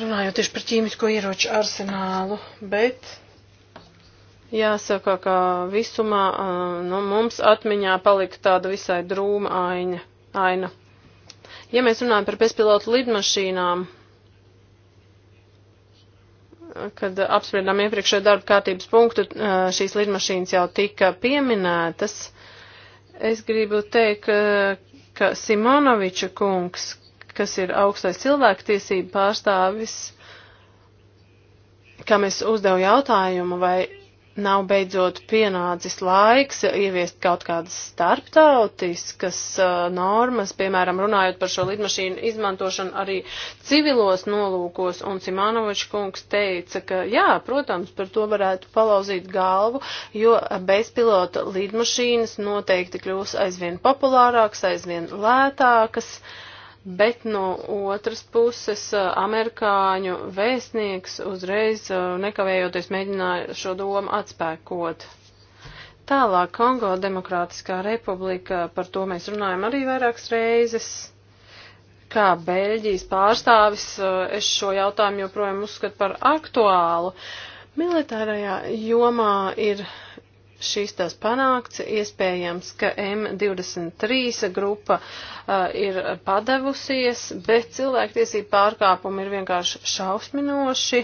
runājot tieši par ķīmisko ieroču arsenālu, bet jāsaka, ka visumā eh, nu, mums atmiņā palika tāda visai drūma aina. aina. Ja mēs runājam par bezpilotu lidmašīnām, kad apspriedām iepriekšējo darba kārtības punktu, šīs lidmašīnas jau tika pieminētas. Es gribu teikt, ka Simonoviča kungs, kas ir augstais cilvēktiesība pārstāvis, kam es uzdevu jautājumu, vai Nav beidzot pienācis laiks ieviest kaut kādas starptautiskas uh, normas, piemēram, runājot par šo lidmašīnu izmantošanu arī civilos nolūkos, un Simanovičs kungs teica, ka jā, protams, par to varētu palauzīt galvu, jo bezpilota lidmašīnas noteikti kļūs aizvien populārākas, aizvien lētākas. Uh, bet no otras puses eh, amerikāņu vēstnieks uzreiz eh, nekavējoties mēģināja šo domu atspēkot. Tālāk Kongo Demokrātiskā republika, par to mēs runājam arī vairākas reizes. Kā Beļģijas pārstāvis eh, es šo jautājumu joprojām uzskatu par aktuālu. Militārajā jomā ir šīs tās panākts. Iespējams, ka M23 grupa uh, ir padevusies, bet cilvēktiesība pārkāpumi ir vienkārši šausminoši.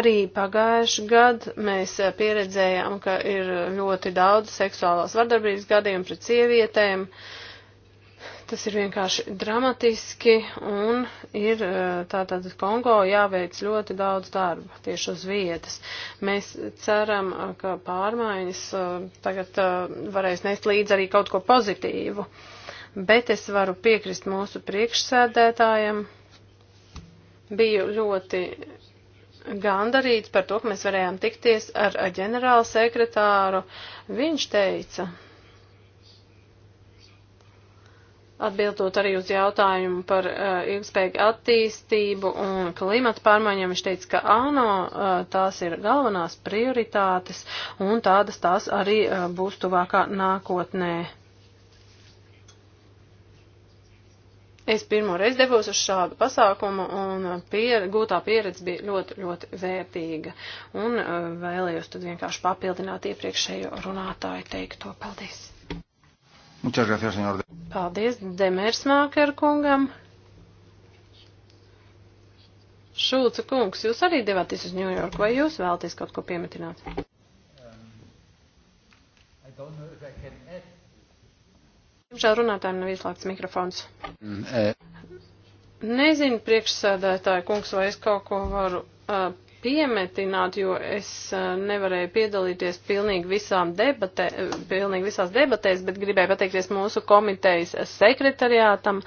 Arī pagājuši gadu mēs pieredzējām, ka ir ļoti daudz seksuālās vardarbības gadījumu pret sievietēm. Uh, Tas ir vienkārši dramatiski un ir eh, tātad Kongo jāveic ļoti daudz darba tieši uz vietas. Mēs ceram, eh, ka pārmaiņas eh, tagad varēs nest līdz arī kaut ko pozitīvu. Bet es varu piekrist mūsu priekšsēdētājiem. Biju ļoti gandarīts par to, ka mēs varējām tikties ar ģenerālu sekretāru. Viņš teica, Atbildot arī uz jautājumu par uh, ilgspējīgu attīstību un klimatu pārmaiņām, viņš teica, ka ANO uh, tās ir galvenās prioritātes un tādas tās arī uh, būs tuvākā nākotnē. Es pirmo reizi devos uz šādu pasākumu un pier, gūtā pieredze bija ļoti, ļoti vērtīga un uh, vēlējos tad vienkārši papildināt iepriekšējo runātāju teikto. Paldies! Muchas gracias, señor. Paldies Demērsmāker kungam. Šulca kungs, jūs arī devāties uz New York, vai jūs vēlaties kaut ko piemetināt? Um, Diemžēl um, runātājiem nav izslēgts mikrofons. Mm, eh. Nezinu, priekšsēdētāja kungs, vai es kaut ko varu uh, piemetināt, jo es eh, nevarēju piedalīties pilnīgi, visām debatē, eh, pilnīgi visās debatēs, bet gribēju pateikties mūsu komitejas sekretariātam,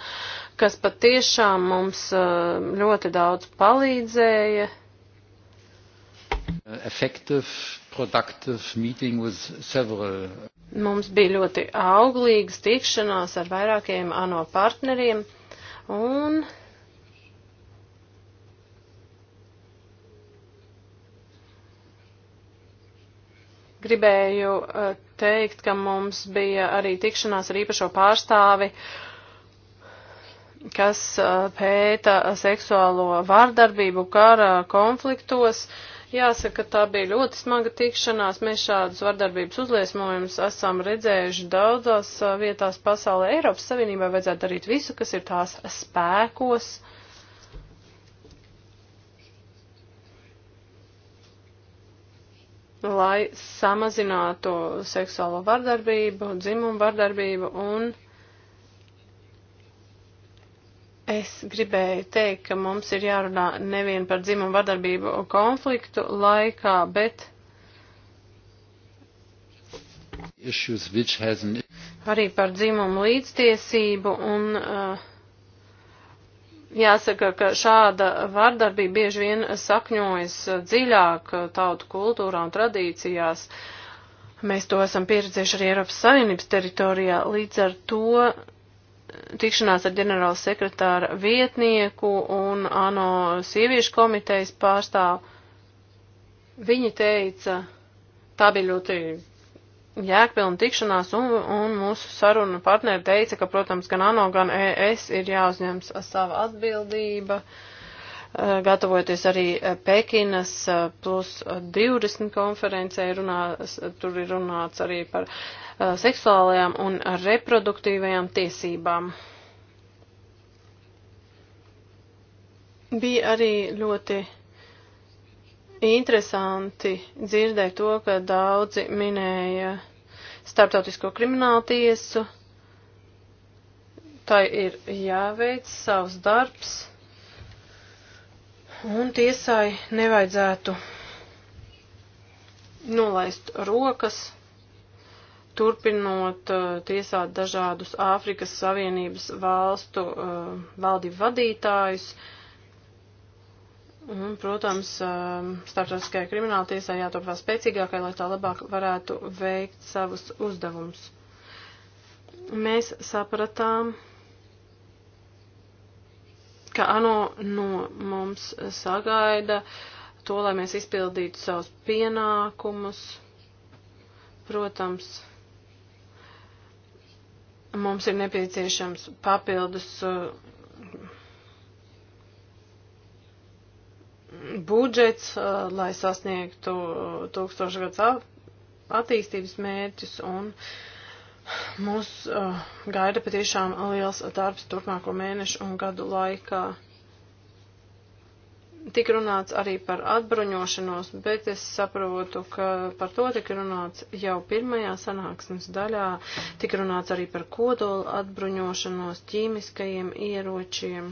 kas patiešām mums eh, ļoti daudz palīdzēja. Effective, productive meeting with several. Mums bija ļoti auglīgas tikšanās ar vairākiem ANO partneriem un Gribēju eh, teikt, ka mums bija arī tikšanās ar īpašo pārstāvi, kas eh, pēta seksuālo vārdarbību kara konfliktos. Jāsaka, tā bija ļoti smaga tikšanās. Mēs šādus vardarbības uzliesmojumus esam redzējuši daudzās eh, vietās pasaulē. Eiropas Savienībā vajadzētu darīt visu, kas ir tās spēkos, uh, lai samazinātu seksuālo vardarbību, dzimumu vardarbību un Es gribēju teikt, ka mums ir jārunā nevien par dzimumu vardarbību konfliktu laikā, bet issues, an... arī par dzimumu līdztiesību un uh, Jāsaka, ka šāda vardarbība bieži vien sakņojas dziļāk tautu kultūrā un tradīcijās. Mēs to esam pieredzējuši arī Eiropas Savienības teritorijā. Līdz ar to tikšanās ar ģenerāla sekretāra vietnieku un ANO sieviešu komitejas pārstāvu, viņi teica, tā bija ļoti jēgpilna tikšanās, un, un mūsu saruna partneri teica, ka, protams, gan ANO, gan ES ir jāuzņems sava atbildība, eh, gatavoties arī eh, Pekinas eh, plus 20 konferencē, runās, tur ir runāts arī par seksuālajām un reproduktīvajām tiesībām. Bija arī ļoti interesanti dzirdēt to, ka daudzi minēja starptautisko kriminālu tiesu. Tai ir jāveic savs darbs, un tiesai nevajadzētu nolaist rokas, turpinot uh, tiesāt dažādus Āfrikas Savienības valstu uh, valdību vadītājus, uh, Un, mhm, protams, ehm, starptautiskajai krimināltiesai jātop vēl spēcīgākai, lai tā labāk varētu veikt savus uzdevumus. Mēs sapratām, ka ANO no mums sagaida to, lai mēs izpildītu savus pienākumus. Protams, mums ir nepieciešams papildus eh, budžets, uh, lai sasniegtu uh, tūkstošgads attīstības mērķus un mūs uh, gaida patiešām liels darbs turpmāko mēnešu un gadu laikā. Tik runāts arī par atbruņošanos, bet es saprotu, ka par to tika runāts jau pirmajā sanāksmes daļā, tika runāts arī par kodola atbruņošanos, ķīmiskajiem ieročiem.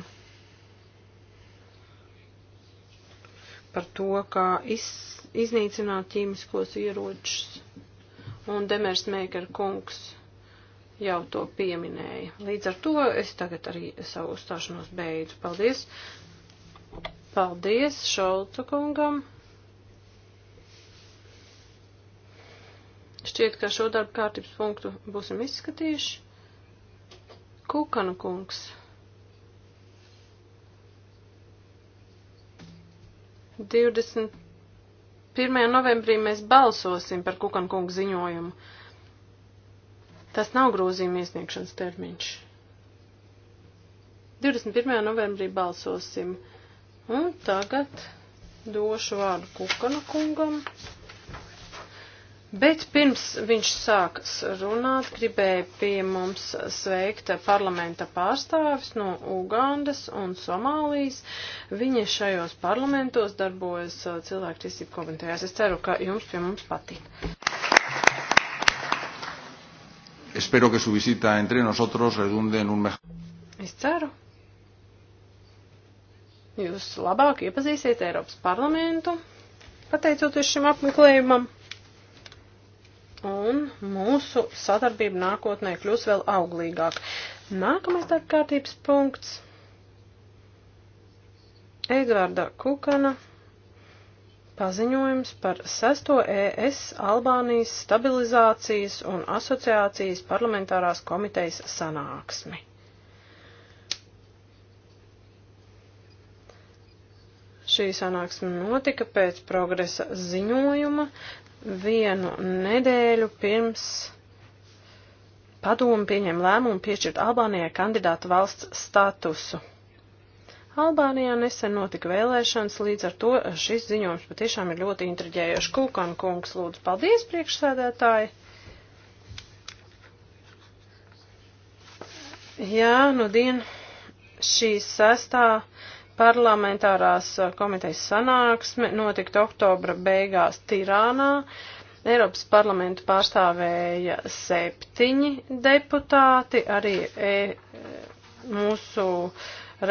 par to, kā iz, iznīcināt ķīmiskos ieročus, un Demers Mēkera kungs jau to pieminēja. Līdz ar to es tagad arī savu uzstāšanos beidzu. Paldies! Paldies Šolca kungam! Šķiet, ka šo darbu kārtības punktu būsim izskatījuši. Kukana kungs. 21. novembrī mēs balsosim par Kukankungu ziņojumu. Tas nav grozījuma iesniegšanas termiņš. 21. novembrī balsosim. Un tagad došu vārdu Kukana kungam. Bet pirms viņš sāks runāt, gribēja pie mums sveikt parlamenta pārstāvis no Ugandas un Somālijas. Viņi šajos parlamentos darbojas uh, cilvēktiesību komentējās. Es ceru, ka jums pie mums patīk. Espero, ka su visita entre nosotros redunde en un mejor. Es ceru. Jūs labāk iepazīsiet Eiropas parlamentu, pateicoties šim apmeklējumam un mūsu sadarbība nākotnē kļūs vēl auglīgāk. Nākamais darbkārtības punkts - Edvarda Kukana paziņojums par 6. ES Albānijas stabilizācijas un asociācijas parlamentārās komitejas sanāksmi. Šī sanāksme notika pēc progresa ziņojuma, vienu nedēļu pirms padomu pieņem lēmumu piešķirt Albānijai kandidātu valsts statusu. Albānijā nesen notika vēlēšanas, līdz ar to šis ziņojums patiešām ir ļoti intriģējošs. Kulkan kungs, lūdzu, paldies priekšsēdētāji! Jā, nu dien šī sestā Parlamentārās eh, komitejas sanāksme notika oktobra beigās Tirānā. Eiropas parlamentu pārstāvēja septiņi deputāti, arī e, mūsu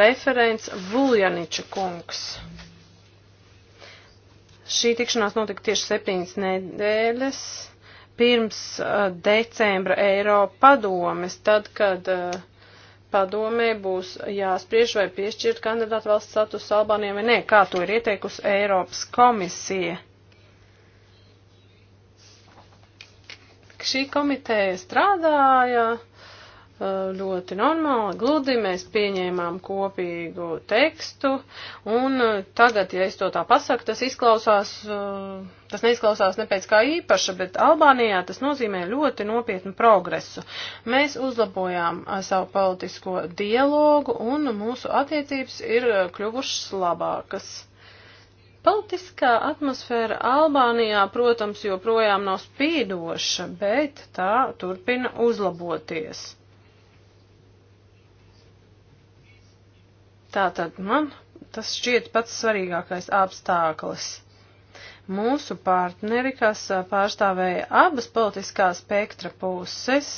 referents Vuljaniča kungs. Šī tikšanās notika tieši septiņas nedēļas pirms uh, decembra Eiropa padomes, tad, kad uh, padomē būs jāspriež vai piešķirt kandidātu valsts status Albānijai vai nē, kā to ir ieteikusi Eiropas komisija. Šī komiteja strādāja. Uh, ļoti normāli, gludi, mēs pieņēmām kopīgu tekstu, un uh, tagad, ja es to tā pasaku, tas izklausās, uh, tas neizklausās ne pēc kā īpaša, bet Albānijā tas nozīmē ļoti nopietnu progresu. Mēs uzlabojām uh, savu politisko dialogu, un mūsu attiecības ir kļuvušas labākas. Politiskā atmosfēra Albānijā, protams, joprojām nav spīdoša, bet tā turpina uzlaboties. Tātad man tas šķiet pats svarīgākais apstākļus mūsu partneri, kas pārstāvēja abas politiskā spektra puses.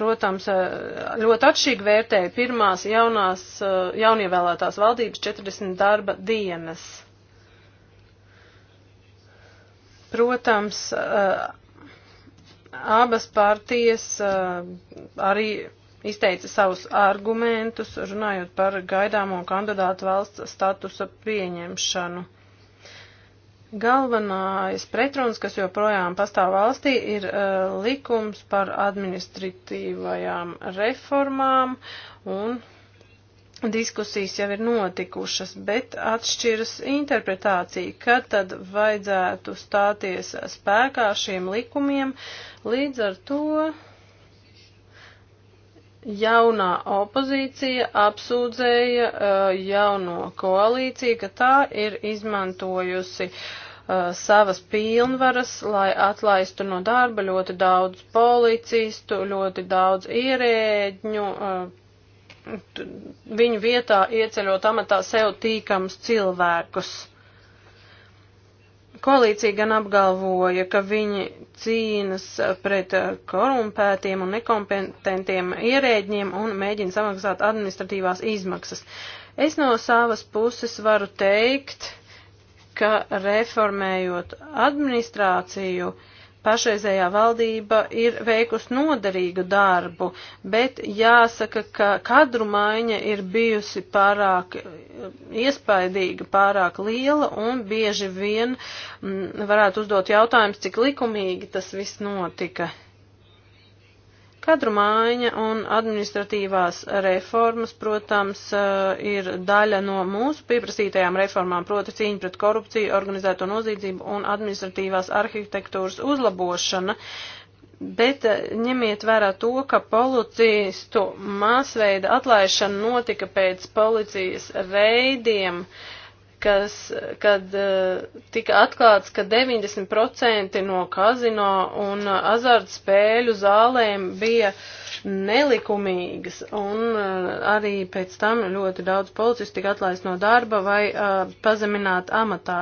Protams, ļoti atšķirīgi vērtēja pirmās jaunās, jaunievēlētās valdības 40 darba dienas. Protams, abas partijas arī izteica savus argumentus, runājot par gaidāmo kandidātu valsts statusa pieņemšanu. Galvenais pretruns, kas joprojām pastāv valstī, ir uh, likums par administratīvajām reformām un diskusijas jau ir notikušas, bet atšķiras interpretācija, kad tad vajadzētu stāties spēkā šiem likumiem. Līdz ar to jaunā opozīcija apsūdzēja uh, jauno koalīciju, ka tā ir izmantojusi uh, savas pilnvaras, lai atlaistu no darba ļoti daudz policistu, ļoti daudz ierēģņu, uh, viņu vietā ieceļot amatā sev tīkams cilvēkus. Koalīcija gan apgalvoja, ka viņi cīnas pret uh, korumpētiem un nekompetentiem ierēģiem un mēģina samaksāt administratīvās izmaksas. Es no savas puses varu teikt, ka reformējot administrāciju, uh, pašreizējā valdība ir veikusi noderīgu darbu, bet jāsaka, ka kadru maiņa ir bijusi pārāk eh, iespaidīga, pārāk liela un bieži vien m, mm, varētu uzdot jautājums, cik likumīgi tas viss notika. Kadru maiņa un administratīvās reformas, protams, eh, ir daļa no mūsu pieprasītajām reformām, proti cīņa pret korupciju, organizēto noziedzību un administratīvās arhitektūras uzlabošana. Bet eh, ņemiet vērā to, ka policistu masveida atlaišana notika pēc policijas veidiem. Uh, kas, kad eh, tika atklāts, ka 90% no kazino un azartspēļu zālēm bija nelikumīgas, un eh, arī pēc tam ļoti daudz policistu tika atlaist no darba vai eh, pazemināt amatā.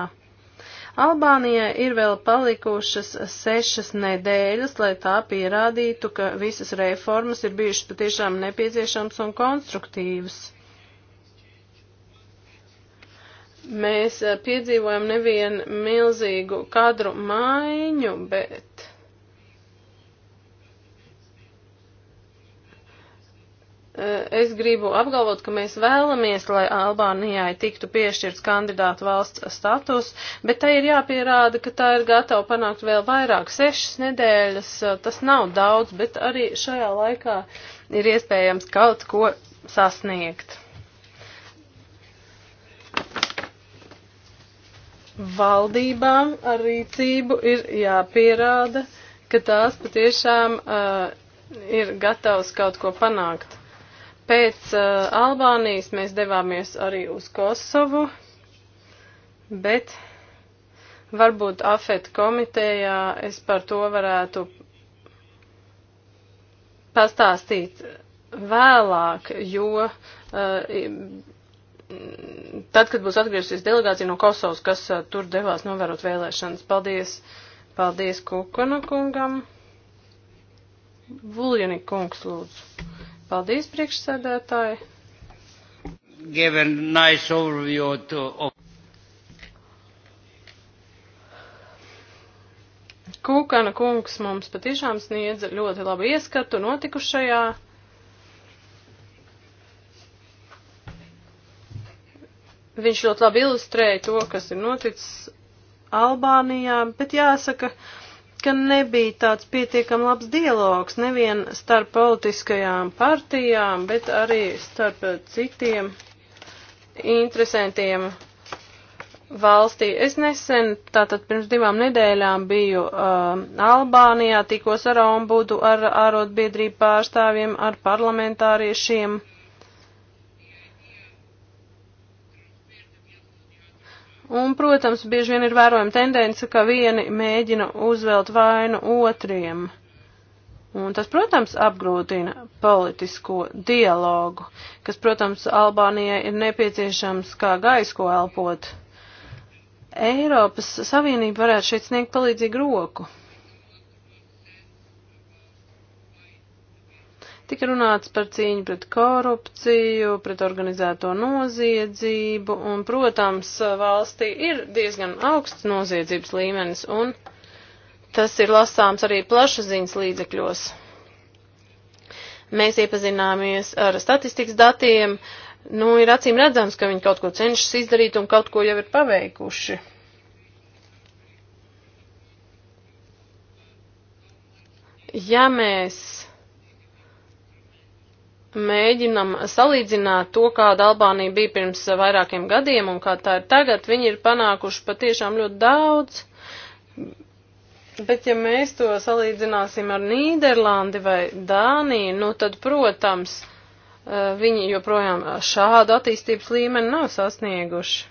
Albānijai ir vēl palikušas sešas nedēļas, lai tā pierādītu, ka visas reformas ir bijušas patiešām nepieciešams un konstruktīvas. Mēs eh, piedzīvojam nevienu milzīgu kadru maiņu, bet eh, es gribu apgalvot, ka mēs vēlamies, lai Albānijai tiktu piešķirts kandidātu valsts status, bet tai ir jāpierāda, ka tā ir gatava panākt vēl vairāk. Sešas nedēļas eh, tas nav daudz, bet arī šajā laikā ir iespējams kaut ko sasniegt. valdībām ar rīcību ir jāpierāda, ka tās patiešām uh, ir gatavas kaut ko panākt. Pēc uh, Albānijas mēs devāmies arī uz Kosovu, bet varbūt AFET komitejā es par to varētu pastāstīt vēlāk, jo uh, tad, kad būs atgriezusies delegācija no Kosovas, kas uh, tur devās novērot vēlēšanas. Paldies, paldies Kukana kungam. Vuljani kungs, lūdzu. Paldies, priekšsēdētāji. Give a nice overview to, of Kūkana kungs mums patiešām sniedza ļoti labu ieskatu notikušajā. Viņš ļoti labi ilustrēja to, kas ir noticis Albānijā, bet jāsaka, ka nebija tāds pietiekam labs dialogs nevien starp politiskajām partijām, bet arī starp citiem interesantiem valstī. Es nesen, tātad pirms divām nedēļām biju uh, Albānijā, tikos ar ombudu, ar ārotbiedrību pārstāvjiem, ar parlamentāriešiem. Uh, Un, protams, bieži vien ir vērojama tendence, ka vieni mēģina uzvelt vainu otriem. Un tas, protams, apgrūtina politisko dialogu, kas, protams, Albānijai ir nepieciešams kā gaisa, ko elpot. Eiropas Savienība varētu šeit sniegt palīdzīgu roku. Tika runāts par cīņu pret korupciju, pret organizēto noziedzību, un, protams, valstī ir diezgan augsts noziedzības līmenis, un tas ir lasāms arī plašsaziņas līdzekļos. Mēs iepazināmies ar statistikas datiem, nu, ir acīm redzams, ka viņi kaut ko cenšas izdarīt un kaut ko jau ir paveikuši. Ja mēs mēģinam salīdzināt to, kāda Albānija bija pirms vairākiem gadiem un kā tā ir tagad, viņi ir panākuši patiešām ļoti daudz. Bet ja mēs to salīdzināsim ar Nīderlandi vai Dāniju, nu tad, protams, eh, viņi joprojām šādu attīstības līmeni nav sasnieguši.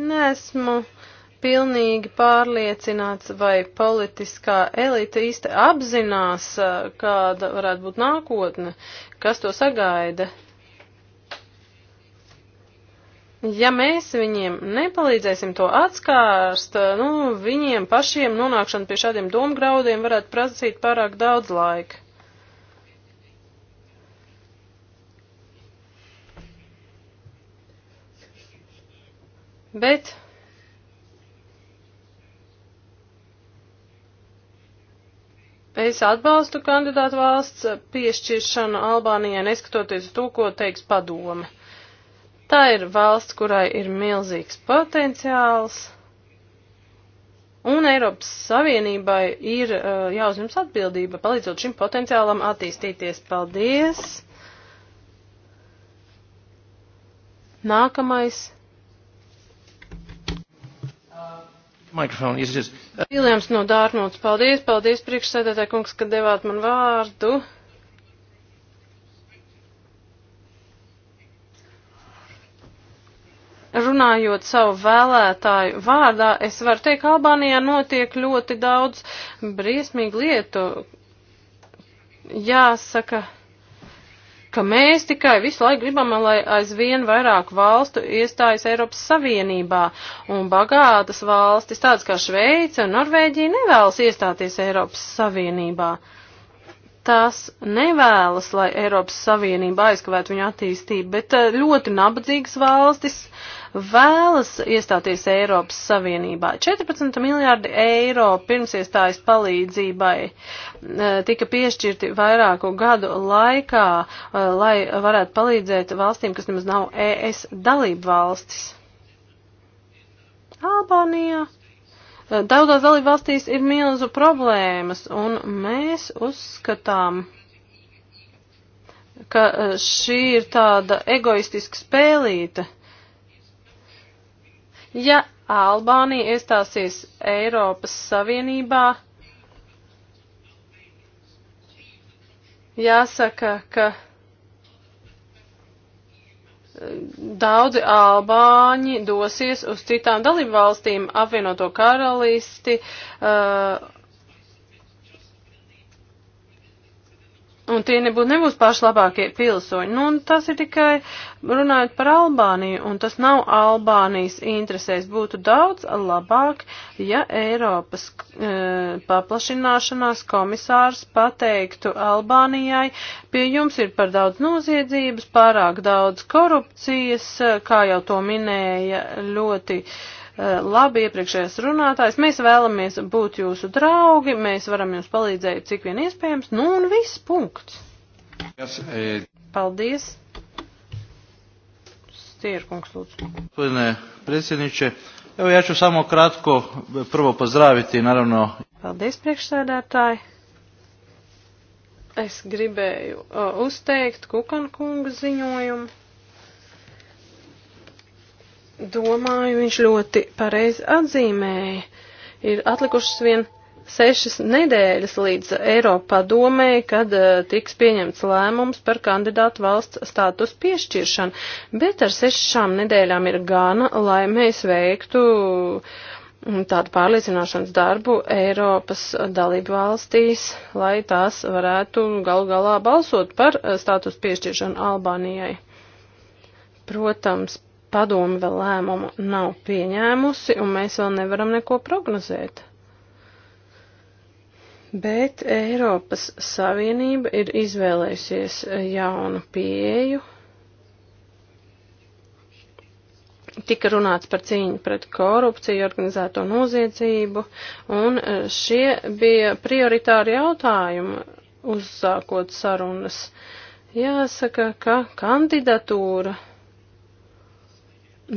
Nesmu. Uh, pilnīgi pārliecināts, vai politiskā elite īsti apzinās, kāda varētu būt nākotne, kas to sagaida. Ja mēs viņiem nepalīdzēsim to atskārst, nu, viņiem pašiem nonākšana pie šādiem domgraudiem varētu prasīt pārāk daudz laika. Bet Es atbalstu kandidātu valsts piešķiršanu Albānijai, neskatoties to, ko teiks padome. Tā ir valsts, kurai ir milzīgs potenciāls, un Eiropas Savienībai ir uh, jāuzņems atbildība, palīdzot šim potenciālam attīstīties. Paldies! Nākamais Mikrofonu, yes, yes. Uh, Viljams no Dārnots, paldies, paldies priekšsēdētāji kungs, ka devāt man vārdu. runājot savu vēlētāju vārdā, es varu teikt, Albānijā notiek ļoti daudz briesmīgu lietu. Jāsaka, ka mēs tikai visu laiku gribam, lai aizvien vairāk valstu iestājas Eiropas Savienībā, un bagātas valstis, tādas kā Šveice un Norvēģija, nevēlas iestāties Eiropas Savienībā. Tās nevēlas, lai Eiropas Savienība aizkavētu viņu attīstību, bet eh, ļoti nabadzīgas valstis uh, vēlas iestāties Eiropas Savienībā. 14 miljārdi eiro pirms iestājas palīdzībai e, tika piešķirti vairāku gadu laikā, e, lai varētu palīdzēt valstīm, kas nemaz nav ES dalību valstis. Albānija. E, daudzās dalību valstīs ir milzu problēmas, un mēs uzskatām, ka šī ir tāda egoistiska spēlīte. Ja Albānija iestāsies Eiropas Savienībā, jāsaka, ka e, daudzi albāņi dosies uz citām dalību valstīm, apvienoto karalisti, uh, Un tie nebūtu nebūs paši labākie pilsoņi. Nu, tas ir tikai runājot par Albāniju, un tas nav Albānijas interesēs. Būtu daudz labāk, ja Eiropas e, paplašināšanās komisārs pateiktu Albānijai, pie jums ir par daudz noziedzības, pārāk daudz korupcijas, e, kā jau to minēja ļoti. E, Eh, labi iepriekšējais runātājs, mēs vēlamies būt jūsu draugi, mēs varam jums palīdzēt cik vien iespējams, nu un viss punkts. Yes, e... Paldies. Stierkungs, lūdzu. Gospodine predsjedniče, evo ja ću samo kratko prvo pozdraviti, naravno. Paldies, priekšsēdētāji. Es gribēju uh, uzteikt Kukankunga ziņojumu domāju, viņš ļoti pareizi atzīmēja. Ir atlikušas vien sešas nedēļas līdz Eiropā domēja, kad uh, tiks pieņemts lēmums par kandidātu valsts status piešķiršanu, bet ar sešām nedēļām ir gana, lai mēs veiktu mm, tādu pārliecināšanas darbu Eiropas dalību valstīs, lai tās varētu gal galā balsot par eh, status piešķiršanu Albānijai. Protams, padomi vēl lēmumu nav pieņēmusi, un mēs vēl nevaram neko prognozēt. Bet Eiropas Savienība ir izvēlējusies jaunu pieeju. Tika runāts par cīņu pret korupciju, organizēto noziedzību, un šie bija prioritāri jautājumi uzsākot sarunas. Jāsaka, ka kandidatūra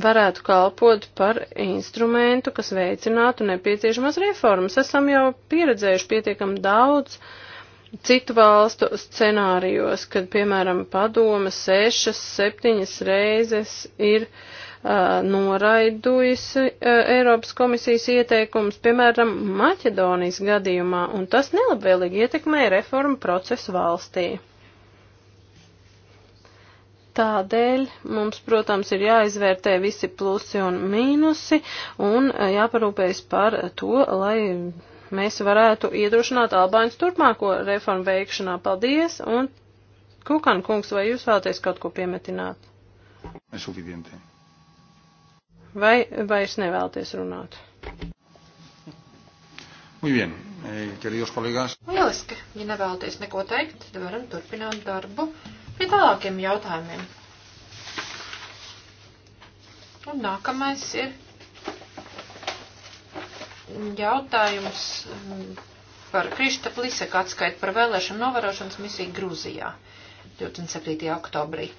varētu kalpot par instrumentu, kas veicinātu nepieciešamas reformas. Esam jau pieredzējuši pietiekam daudz citu valstu scenārijos, kad, piemēram, padoma sešas, septiņas reizes ir uh, noraidujusi uh, Eiropas komisijas ieteikums, piemēram, Maķedonijas gadījumā, un tas nelabvēlīgi ietekmē reformu procesu valstī. Tādēļ mums, protams, ir jāizvērtē visi plusi un mīnusi un jāparūpējas par to, lai mēs varētu iedrošināt Albāņas turpmāko reformu veikšanā. Paldies! Un Kukan kungs, vai jūs vēlaties kaut ko piemetināt? Vai vairs nevēlaties runāt? Muy bien, eh, queridos colegas. Lieliski, ja nevēlaties neko teikt, tad varam turpināt darbu pie tālākiem jautājumiem. Un nākamais ir jautājums mm, par Krištapa Liseka atskaitu par vēlēšanu novērošanas misiju Grūzijā 27. oktobrī.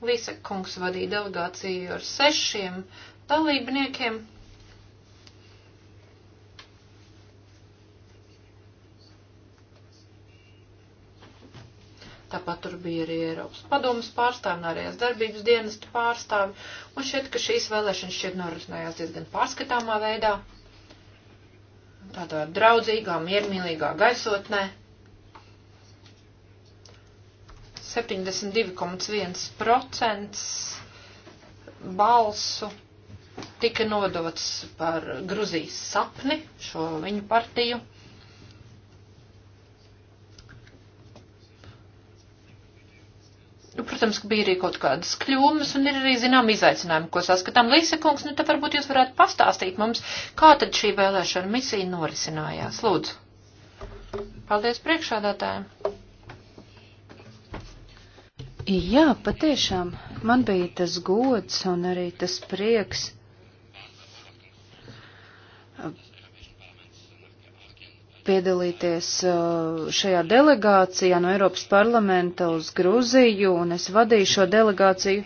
Liseka kungs vadīja delegāciju ar sešiem dalībniekiem, Tāpat tur bija arī Eiropas padomas pārstāvi, arī darbības dienestu pārstāvi. Un šķiet, ka šīs vēlēšanas šķiet norisinājās diezgan pārskatāmā veidā, tādā draudzīgā, miermīlīgā gaisotnē. 72,1% balsu tika nodots par Gruzijas sapni, šo viņu partiju. Nu, protams, ka bija arī kaut kādas kļūmes un ir arī zinām izaicinājumi, ko saskatām. Līsa kungs, nu, tad varbūt jūs varētu pastāstīt mums, kā tad šī vēlēšana misija norisinājās. Lūdzu. Paldies priekšādātājiem. Jā, patiešām man bija tas gods un arī tas prieks piedalīties uh, šajā delegācijā no Eiropas parlamenta uz Gruziju, un es vadīju šo delegāciju.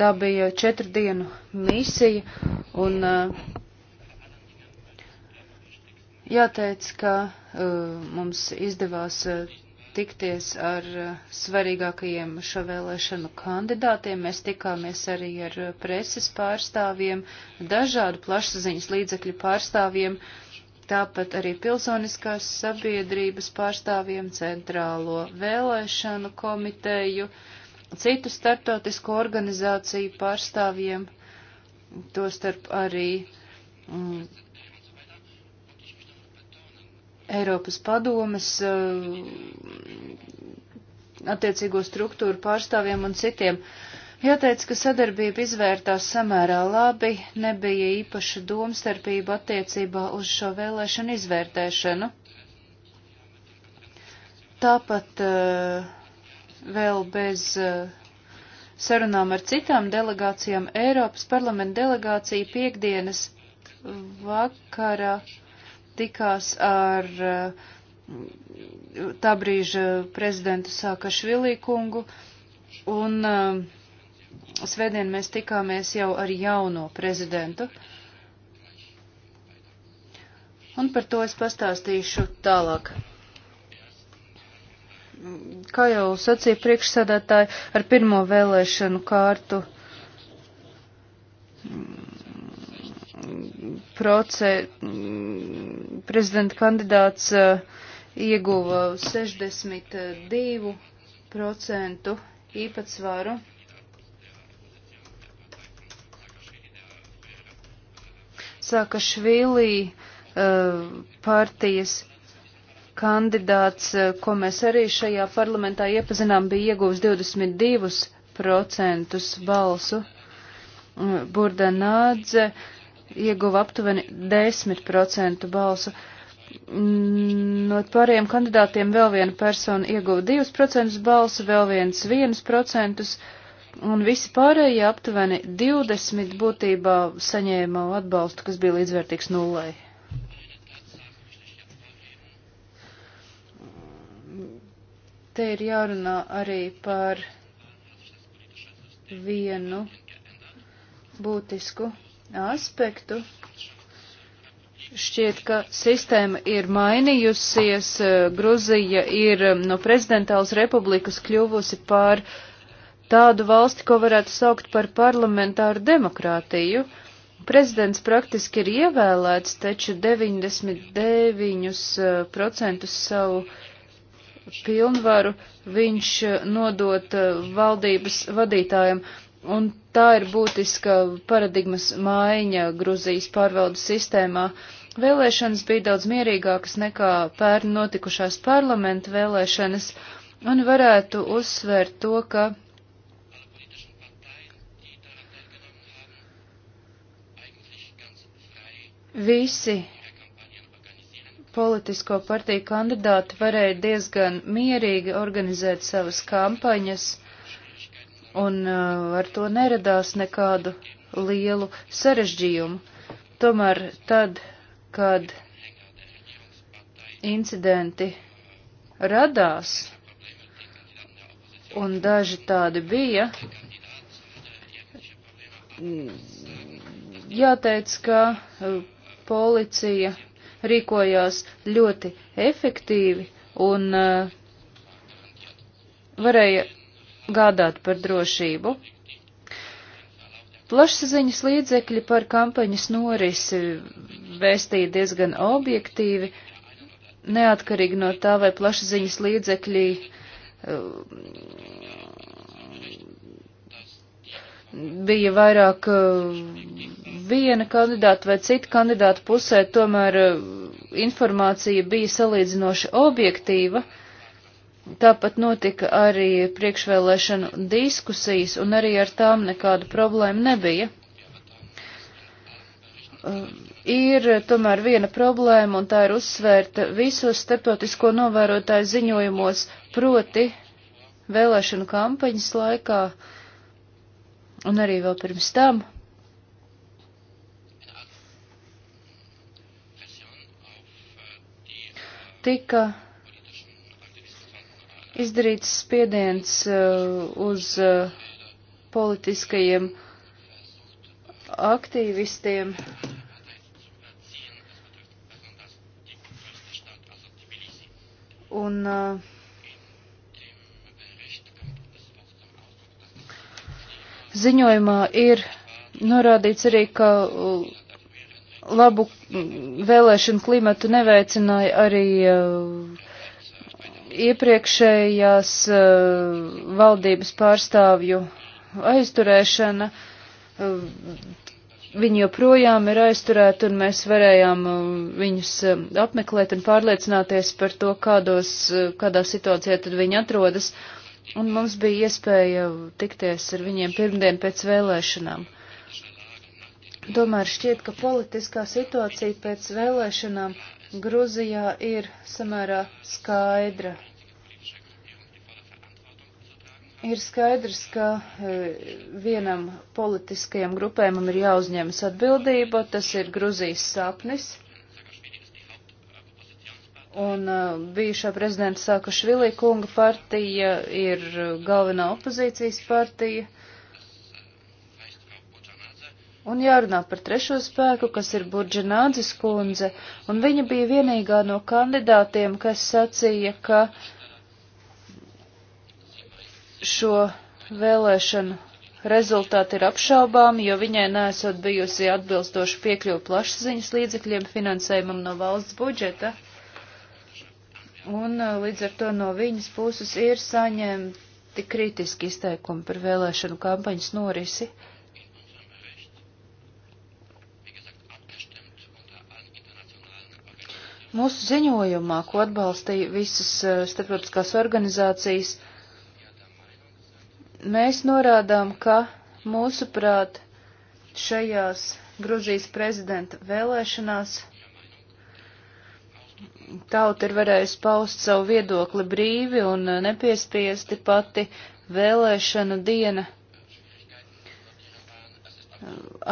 Tā bija četru dienu misija, un uh, jāteic, ka uh, mums izdevās tikties ar eh, svarīgākajiem šo vēlēšanu kandidātiem. Mēs tikāmies arī ar eh, preses pārstāvjiem, dažādu plašsaziņas līdzekļu pārstāvjiem, tāpat arī pilsoniskās sabiedrības pārstāvjiem, centrālo vēlēšanu komiteju, citu startautisko organizāciju pārstāvjiem, tostarp arī mm, Eiropas padomes eh, attiecīgo struktūru pārstāvjiem un citiem. Jāteic, ka sadarbība izvērtās samērā labi, nebija īpaša domstarpība attiecībā uz šo vēlēšanu izvērtēšanu. Tāpat eh, vēl bez eh, sarunām ar citām delegācijām Eiropas parlamenta delegācija piekdienas vakara tikās ar eh, tā brīža prezidentu Sākašvilī kungu, un eh, svētdien mēs tikāmies jau ar jauno prezidentu. Un par to es pastāstīšu tālāk kā jau sacīja priekšsēdētāji, ar pirmo vēlēšanu kārtu proce, prezidenta kandidāts eh, ieguva 62% īpatsvaru. Sāka Švīlī eh, partijas kandidāts, eh, ko mēs arī šajā parlamentā iepazinām, bija ieguvis 22% balsu. Burdanādze uh, ieguva aptuveni 10% balsu. Mm, no pārējiem kandidātiem vēl viena persona ieguva 2% balsu, vēl viens 1%, un visi pārējie aptuveni 20 būtībā saņēma atbalstu, kas bija līdzvērtīgs nullei. Te ir jārunā arī par vienu būtisku aspektu. Šķiet, ka sistēma ir mainījusies. Gruzija ir um, no prezidentālas republikas kļuvusi par tādu valsti, ko varētu saukt par parlamentāru demokrātiju. Prezidents praktiski ir ievēlēts, taču 99% uh, savu pilnvaru viņš uh, nodot uh, valdības vadītājiem. Un tā ir būtiska paradigmas maiņa Gruzijas pārvaldes sistēmā. Vēlēšanas bija daudz mierīgākas nekā pērn notikušās parlamenta vēlēšanas, un varētu uzsvērt to, ka visi politisko partiju kandidāti varēja diezgan mierīgi organizēt savas kampaņas un uh, ar to neradās nekādu lielu sarežģījumu. Tomēr tad, kad incidenti radās, un daži tādi bija, jāteic, ka uh, policija rīkojās ļoti efektīvi un uh, varēja gādāt par drošību. Plašsaziņas līdzekļi par kampaņas norisi vēstīja diezgan objektīvi, neatkarīgi no tā, vai plašsaziņas līdzekļi uh, bija vairāk uh, viena kandidāta vai cita kandidāta pusē, tomēr uh, informācija bija salīdzinoši objektīva. Uh, Tāpat notika arī priekšvēlēšanu diskusijas, un arī ar tām nekādu problēmu nebija. Um, ir tomēr viena problēma, un tā ir uzsvērta visos starptautisko novērotāju ziņojumos, proti vēlēšanu kampaņas laikā, un arī vēl pirms tam. Tika izdarīts spiediens uh, uz uh, politiskajiem aktīvistiem. Un uh, ziņojumā ir norādīts arī, ka uh, labu mm, vēlēšanu klimatu neveicināja arī uh, iepriekšējās eh, valdības pārstāvju aizturēšana, eh, viņi joprojām ir aizturēti, un mēs varējām eh, viņus apmeklēt un pārliecināties par to, kādos, kādā situācijā tad viņi atrodas. Un mums bija iespēja tikties ar viņiem pirmdien pēc vēlēšanām. Tomēr šķiet, ka politiskā situācija pēc vēlēšanām Gruzijā ir samērā skaidra. Ir skaidrs, ka e, vienam politiskajam grupējumam ir jāuzņemas atbildība, tas ir Gruzijas sapnis. Un e, bijušā prezidenta Sākašvili kunga partija ir e, galvenā opozīcijas partija. Uh, Un jārunā par trešo spēku, kas ir Burģinādzes kundze, un viņa bija vienīgā no kandidātiem, kas sacīja, ka šo vēlēšanu rezultāti ir apšaubāmi, jo viņai nesot bijusi atbilstoši piekļuva plašsaziņas līdzekļiem finansējumam no valsts budžeta. Un uh, līdz ar to no viņas puses ir saņemti kritiski izteikumi par vēlēšanu kampaņas norisi. Mūsu ziņojumā, ko atbalstīja visas eh, starptautiskās organizācijas, mēs norādām, ka mūsuprāt šajās Gruzijas prezidenta vēlēšanās tauta ir varējusi paust savu viedokli brīvi un eh, nepiespiesti pati vēlēšana diena.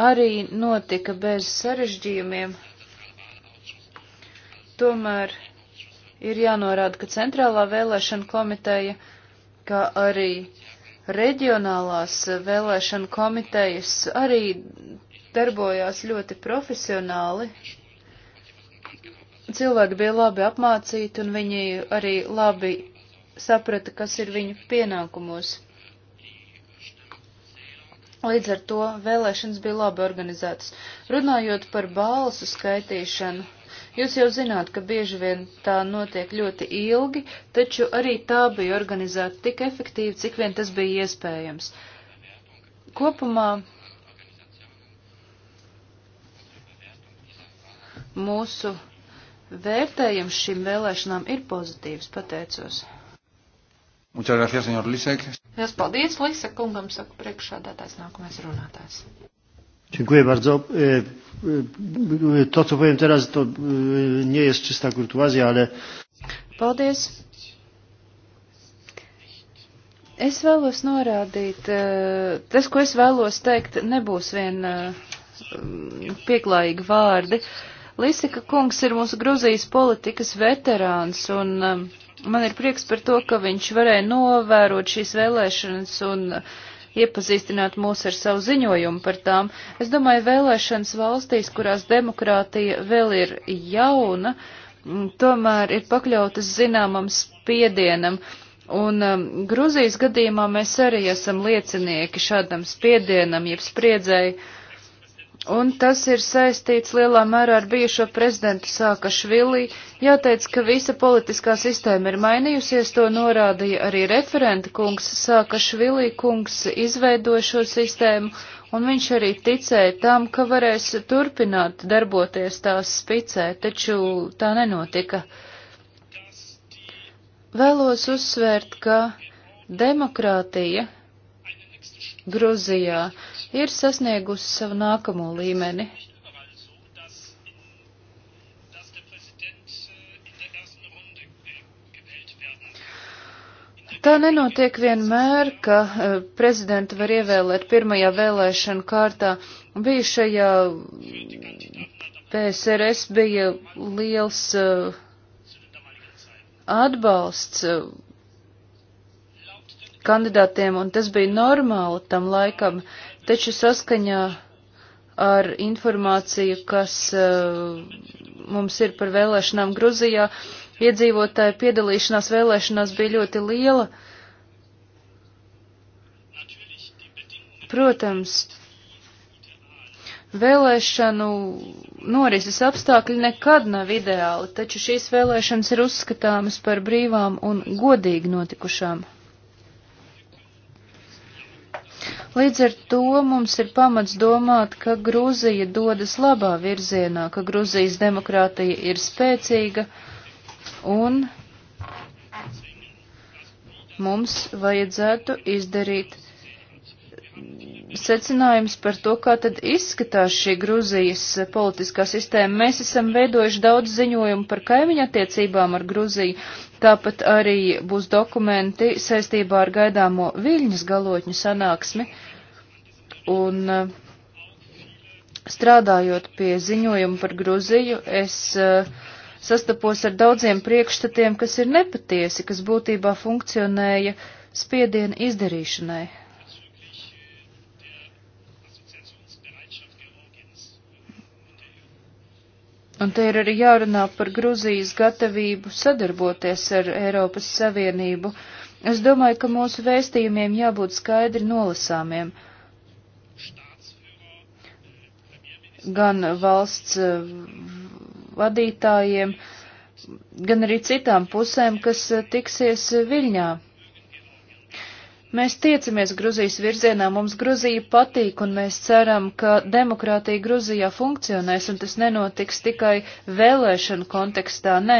Arī notika bez sarežģījumiem, Tomēr ir jānorāda, ka Centrālā vēlēšana komiteja, kā arī reģionālās vēlēšana komitejas arī darbojās ļoti profesionāli. Cilvēki bija labi apmācīti un viņi arī labi saprata, kas ir viņu pienākumos. Līdz ar to vēlēšanas bija labi organizētas. Runājot par balsu skaitīšanu, Jūs jau zināt, ka bieži vien tā notiek ļoti ilgi, taču arī tā bija organizēta tik efektīvi, cik vien tas bija iespējams. Kopumā mūsu vērtējums šīm vēlēšanām ir pozitīvs, pateicos. Muchas gracias, señor Lisek. Es paldies, Lisek kungam, saku priekšādātājs nākamais runātājs. Dziękuję bardzo. E, e, to, co powiem teraz, to e, nie jest czysta kurtuazja, ale. Paldies! Es vēlos norādīt, tas, ko es vēlos teikt, nebūs vien pieklājīgi vārdi. Lisika kungs ir mūsu Gruzijas politikas veterāns, un man ir prieks par to, ka viņš varēja novērot šīs vēlēšanas un uh, iepazīstināt mūs ar savu ziņojumu par tām. Es domāju, vēlēšanas valstīs, kurās demokrātija vēl ir jauna, tomēr ir pakļautas zināmam spiedienam. Un um, Gruzijas gadījumā mēs arī esam liecinieki šādam spiedienam, jeb spriedzēji. Uh, Un tas ir saistīts lielā mērā ar bijušo prezidentu Sākašvili. Jāteic, ka visa politiskā sistēma ir mainījusies, to norādīja arī referenta kungs. Sākašvili kungs izveidoja šo sistēmu, un viņš arī ticēja tam, ka varēs turpināt darboties tās spicē, taču tā nenotika. Vēlos uzsvērt, ka demokrātija Gruzijā ir sasniegusi savu nākamo līmeni. Tā nenotiek vienmēr, ka e, prezidentu var ievēlēt pirmajā vēlēšana kārtā. Bijušajā PSRS bija liels e, atbalsts e, kandidātiem, un tas bija normāli tam laikam, taču saskaņā ar informāciju, kas uh, mums ir par vēlēšanām Gruzijā, iedzīvotāju piedalīšanās vēlēšanās bija ļoti liela. Protams, Vēlēšanu norises apstākļi nekad nav ideāli, taču šīs vēlēšanas ir uzskatāmas par brīvām un godīgi notikušām. Līdz ar to mums ir pamats domāt, ka Grūzija dodas labā virzienā, ka Grūzijas demokrātija ir spēcīga un mums vajadzētu izdarīt secinājums par to, kā tad izskatās šī Gruzijas politiskā sistēma. Mēs esam veidojuši daudz ziņojumu par kaimiņa attiecībām ar Gruziju, tāpat arī būs dokumenti saistībā ar gaidāmo Viļņas galotņu sanāksmi. Un eh, strādājot pie ziņojuma par Gruziju, es eh, sastapos ar daudziem priekšstatiem, kas ir nepatiesi, kas būtībā funkcionēja spiediena izdarīšanai. Un te ir arī jārunā par Gruzijas gatavību sadarboties ar Eiropas Savienību. Es domāju, ka mūsu vēstījumiem jābūt skaidri nolasāmiem. Gan valsts eh, vadītājiem, gan arī citām pusēm, kas eh, tiksies Viļņā. Mēs tiecamies Gruzijas virzienā, mums Gruzija patīk, un mēs ceram, ka demokrātija Gruzijā funkcionēs, un tas nenotiks tikai vēlēšanu kontekstā. Nē,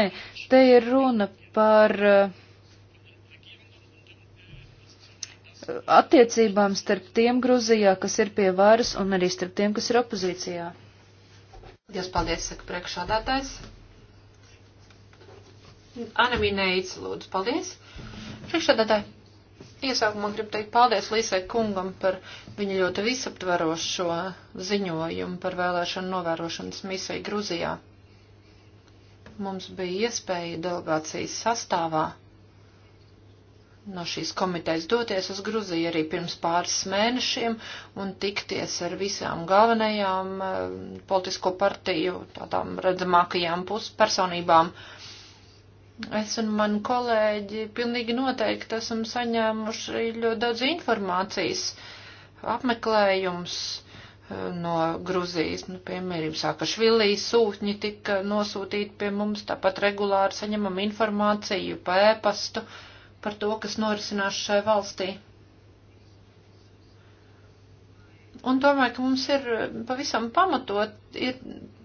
te ir runa par eh, attiecībām starp tiem Gruzijā, kas ir pie varas, un arī starp tiem, kas ir opozīcijā. Jūs paldies, saka priekšādātājs. Anamīnei, lūdzu, paldies. Priekšādātāji. Iesākumā gribu teikt paldies Līsai kungam par viņa ļoti visaptverošo ziņojumu par vēlēšanu novērošanas misiju Gruzijā. Mums bija iespēja delegācijas sastāvā no šīs komitejas doties uz Gruziju arī pirms pāris mēnešiem un tikties ar visām galvenajām eh, politisko partiju, tādām redzamākajām puspersonībām. personībām Es un mani kolēģi pilnīgi noteikti esam saņēmuši ļoti daudz informācijas, apmeklējums eh, no Gruzijas, nu, piemēram, Sakašvilī sūtņi tika nosūtīti pie mums, tāpat regulāri saņemam informāciju pa ēpastu par to, kas norisinās šai valstī. un domāju, ka mums ir eh, pavisam pamatot, ir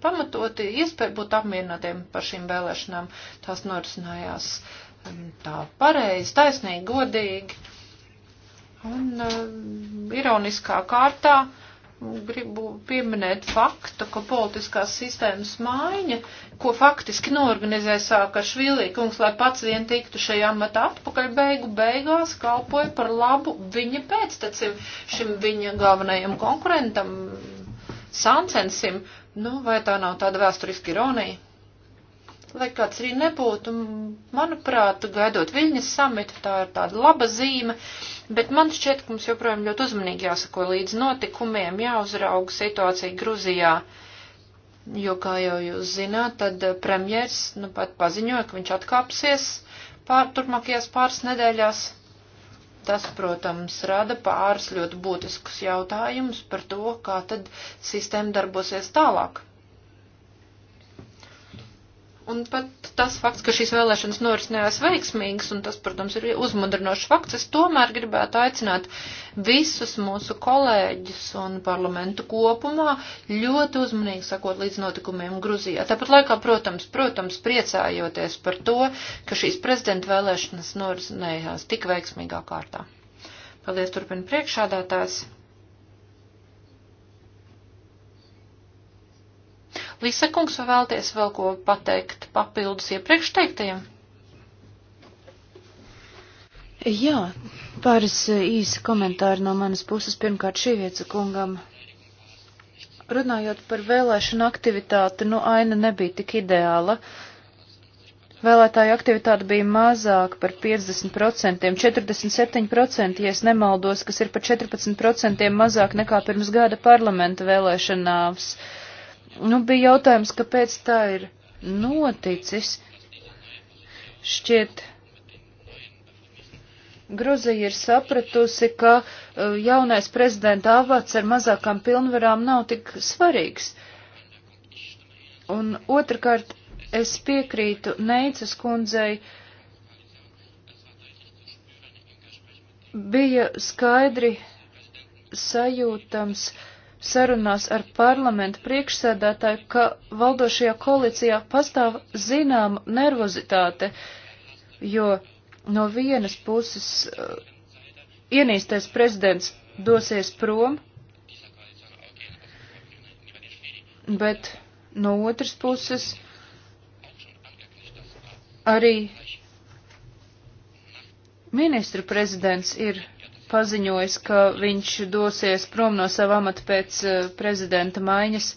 pamatoti iespēja būt apmierinātiem par šīm vēlēšanām. Tās norisinājās tā pareizi, taisnīgi, godīgi. Un uh, ironiskā kārtā uh, gribu pieminēt faktu, ka politiskās sistēmas maiņa, ko faktiski noorganizē Sākašvili, kungs, lai pats vien tiktu šajā matā atpakaļ beigu beigās, kalpoja par labu viņa pēctecim, šim viņa galvenajam konkurentam, Sancensim. Nu, vai tā nav tāda vēsturiska ironija? Lai kāds arī nebūtu, manuprāt, gaidot Viļņas samitu, tā ir tāda laba zīme. Uh, Bet man šķiet, ka mums joprojām ļoti uzmanīgi jāsako līdz notikumiem, jāuzrauga situācija Gruzijā. Jo, kā jau jūs zināt, tad eh, premjers nu pat paziņoja, ka viņš atkāpsies pār, turpmākajās pāris nedēļās. Tas, protams, rada pāris ļoti būtiskus jautājumus par to, kā tad sistēma darbosies tālāk. Un pat tas fakts, ka šīs vēlēšanas norisinājās veiksmīgas, un tas, protams, ir uzmundrinošs fakts, es tomēr gribētu aicināt visus mūsu kolēģus un parlamentu kopumā ļoti uzmanīgi sakot līdz notikumiem Gruzijā. Tāpat laikā, protams, protams, priecājoties par to, ka šīs prezidenta vēlēšanas norisinājās tik veiksmīgā kārtā. Paldies, turpina priekšādātājs. Līsa kungs, vai vēlties vēl ko pateikt papildus iepriekš teiktajiem? Jā, pāris īsi komentāri no manas puses. Pirmkārt, šī vieca kungam. Runājot par vēlēšanu aktivitāti, nu aina nebija tik ideāla. Vēlētāju aktivitāte bija mazāk par 50%, 47%, ja es nemaldos, kas ir par 14% mazāk nekā pirms gada parlamenta vēlēšanās. Uh, Nu, bija jautājums, kāpēc tā ir noticis. Šķiet, Gruzija ir sapratusi, ka uh, jaunais prezidenta avats ar mazākām pilnvarām nav tik svarīgs. Un otrkārt, es piekrītu Neicas kundzei, bija skaidri sajūtams, uh, sarunās ar parlamentu priekšsēdētāju, ka valdošajā koalīcijā pastāv zināma nervozitāte, jo no vienas puses uh, ienīstais prezidents dosies prom, bet no otras puses arī ministra prezidents ir paziņojis, ka viņš dosies prom no sava amata pēc eh, prezidenta maiņas.